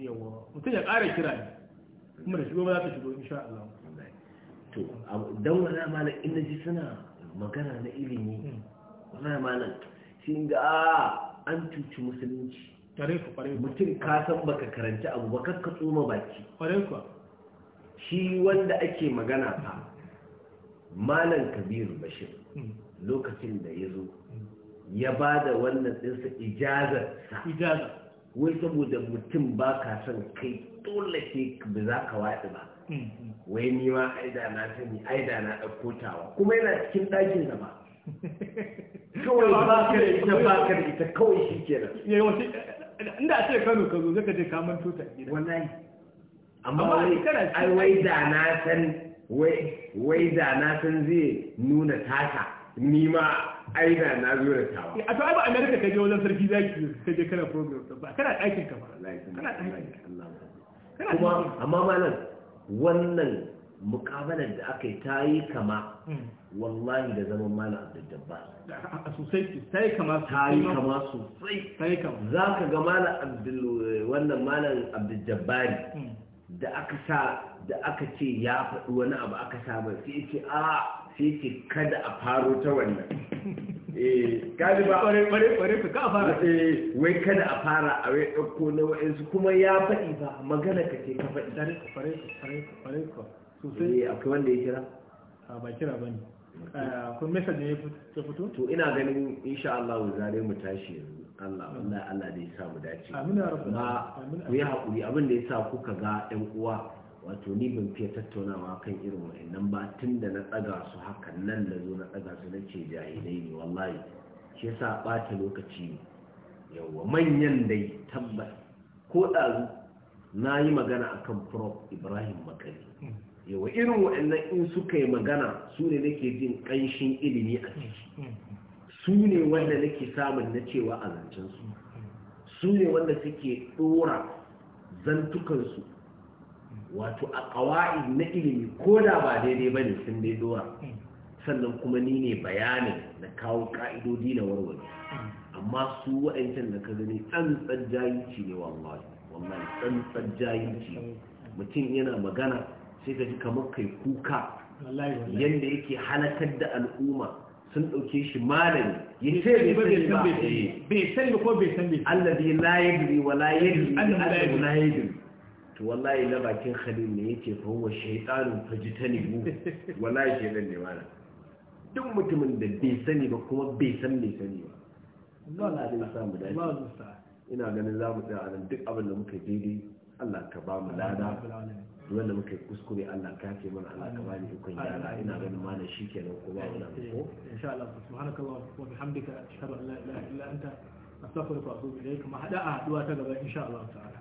yawa mutum ya ƙara kira ne kuma da shigo ba za ta shigo insha Allah to don wani amalar inda ji suna magana na ilimi hmm. wani amalar shi ga ah, an cuci musulunci mutum ka san baka karanci abu ba kakka tsoma baki shi wanda ake magana fa malam kabiru bashir hmm. lokacin da ya zo hmm. ya ba da wannan ɗinsa sa. wai saboda mutum ba ka son kai dole ke ba za ka waɗi ba hmm, wai ni ma aida na sani aida na ɗauko kuma yana cikin ɗakin ba kawai ba ka ita ba ka ita kawai shi kenan yayi wasu inda a ce Kano ka zo zaka je ka manto ta gida wallahi amma wai ai wai da na san wai wai da na san zai nuna taka. ni ma ai da na zo da tawa eh, a to ai ba America ka je wajen sarki zaki ka je kana program ba kana ɗakin ka ba kana ɗakin ka kuma amma malam wannan mukabalar da aka yi ta yi kama hmm. wallahi da zaman malam abdulljabbar sosai ta yi kama ta yi kama sosai ta yi kama za ka ga Abdullahi, wannan malam Abdullahi, hmm. da aka sa da aka ce ya faɗi wani abu aka sa ba sai ce a sai ce kada a faro ta wannan eh, ba ka ka fara eh, wai kada a fara a wai ɗauko na wa'insu kuma ya faɗi ba magana ka ce ka faɗi sosai eh, kai wanda ya kira a ba kira ba ne kun mesa ne ta fito to ina ganin insha Allah zare mu tashi yanzu Allah wallahi Allah da ya sa mu dace amina ma ku yi hakuri abin da ya sa kuka ga ɗan uwa wato ni ban fiye tattaunawa kan irin wa'annan ba tun da na tsaga su hakan nan da zo na tsaga su na ce jahilai ne wallahi shi yasa ɓata lokaci yawwa manyan dai tabbas ko ɗazu na yi magana akan prof ibrahim makari yawa irin waɗannan in suka yi magana su ne nake jin ƙanshin ilimi a ciki su ne wanda nake samun na cewa a zancensu su ne wanda suke ɗora zantukansu wato a ƙawa'i na ilimi ko da ba daidai ba ne sun dai ɗora sannan kuma ni ne bayanin na kawo ƙa'idodi na warware amma su waɗancan da ka gani tsantsar jayinci ne wallahi jayinci mutum yana magana sai ka ji kamar kai kuka yadda yake halakar da al'umma sun ɗauke shi malami ya ce bai san bai san ko bai san bai allazi la yadri wa la yadri allazi la yadri to wallahi na bakin khalil ne yake fa huwa shaytanun fajtanibu wallahi shaytan ne mana duk mutumin da bai sani ba kuma bai san bai sani ba wallahi zai samu dace ina ganin za mu tsaya a nan duk abin da muka daidai Allah ka ba mu lada wanda muka kuskure Allah ka ce mana Allah ka bani ikon yara ina ganin mana shi kenan ko ba wani ko eh, insha Allah wa bihamdika ashhadu an la ilaha illa anta astaghfiruka wa atubu ilayk ma hada a haduwa ta gaba insha Allah ta'ala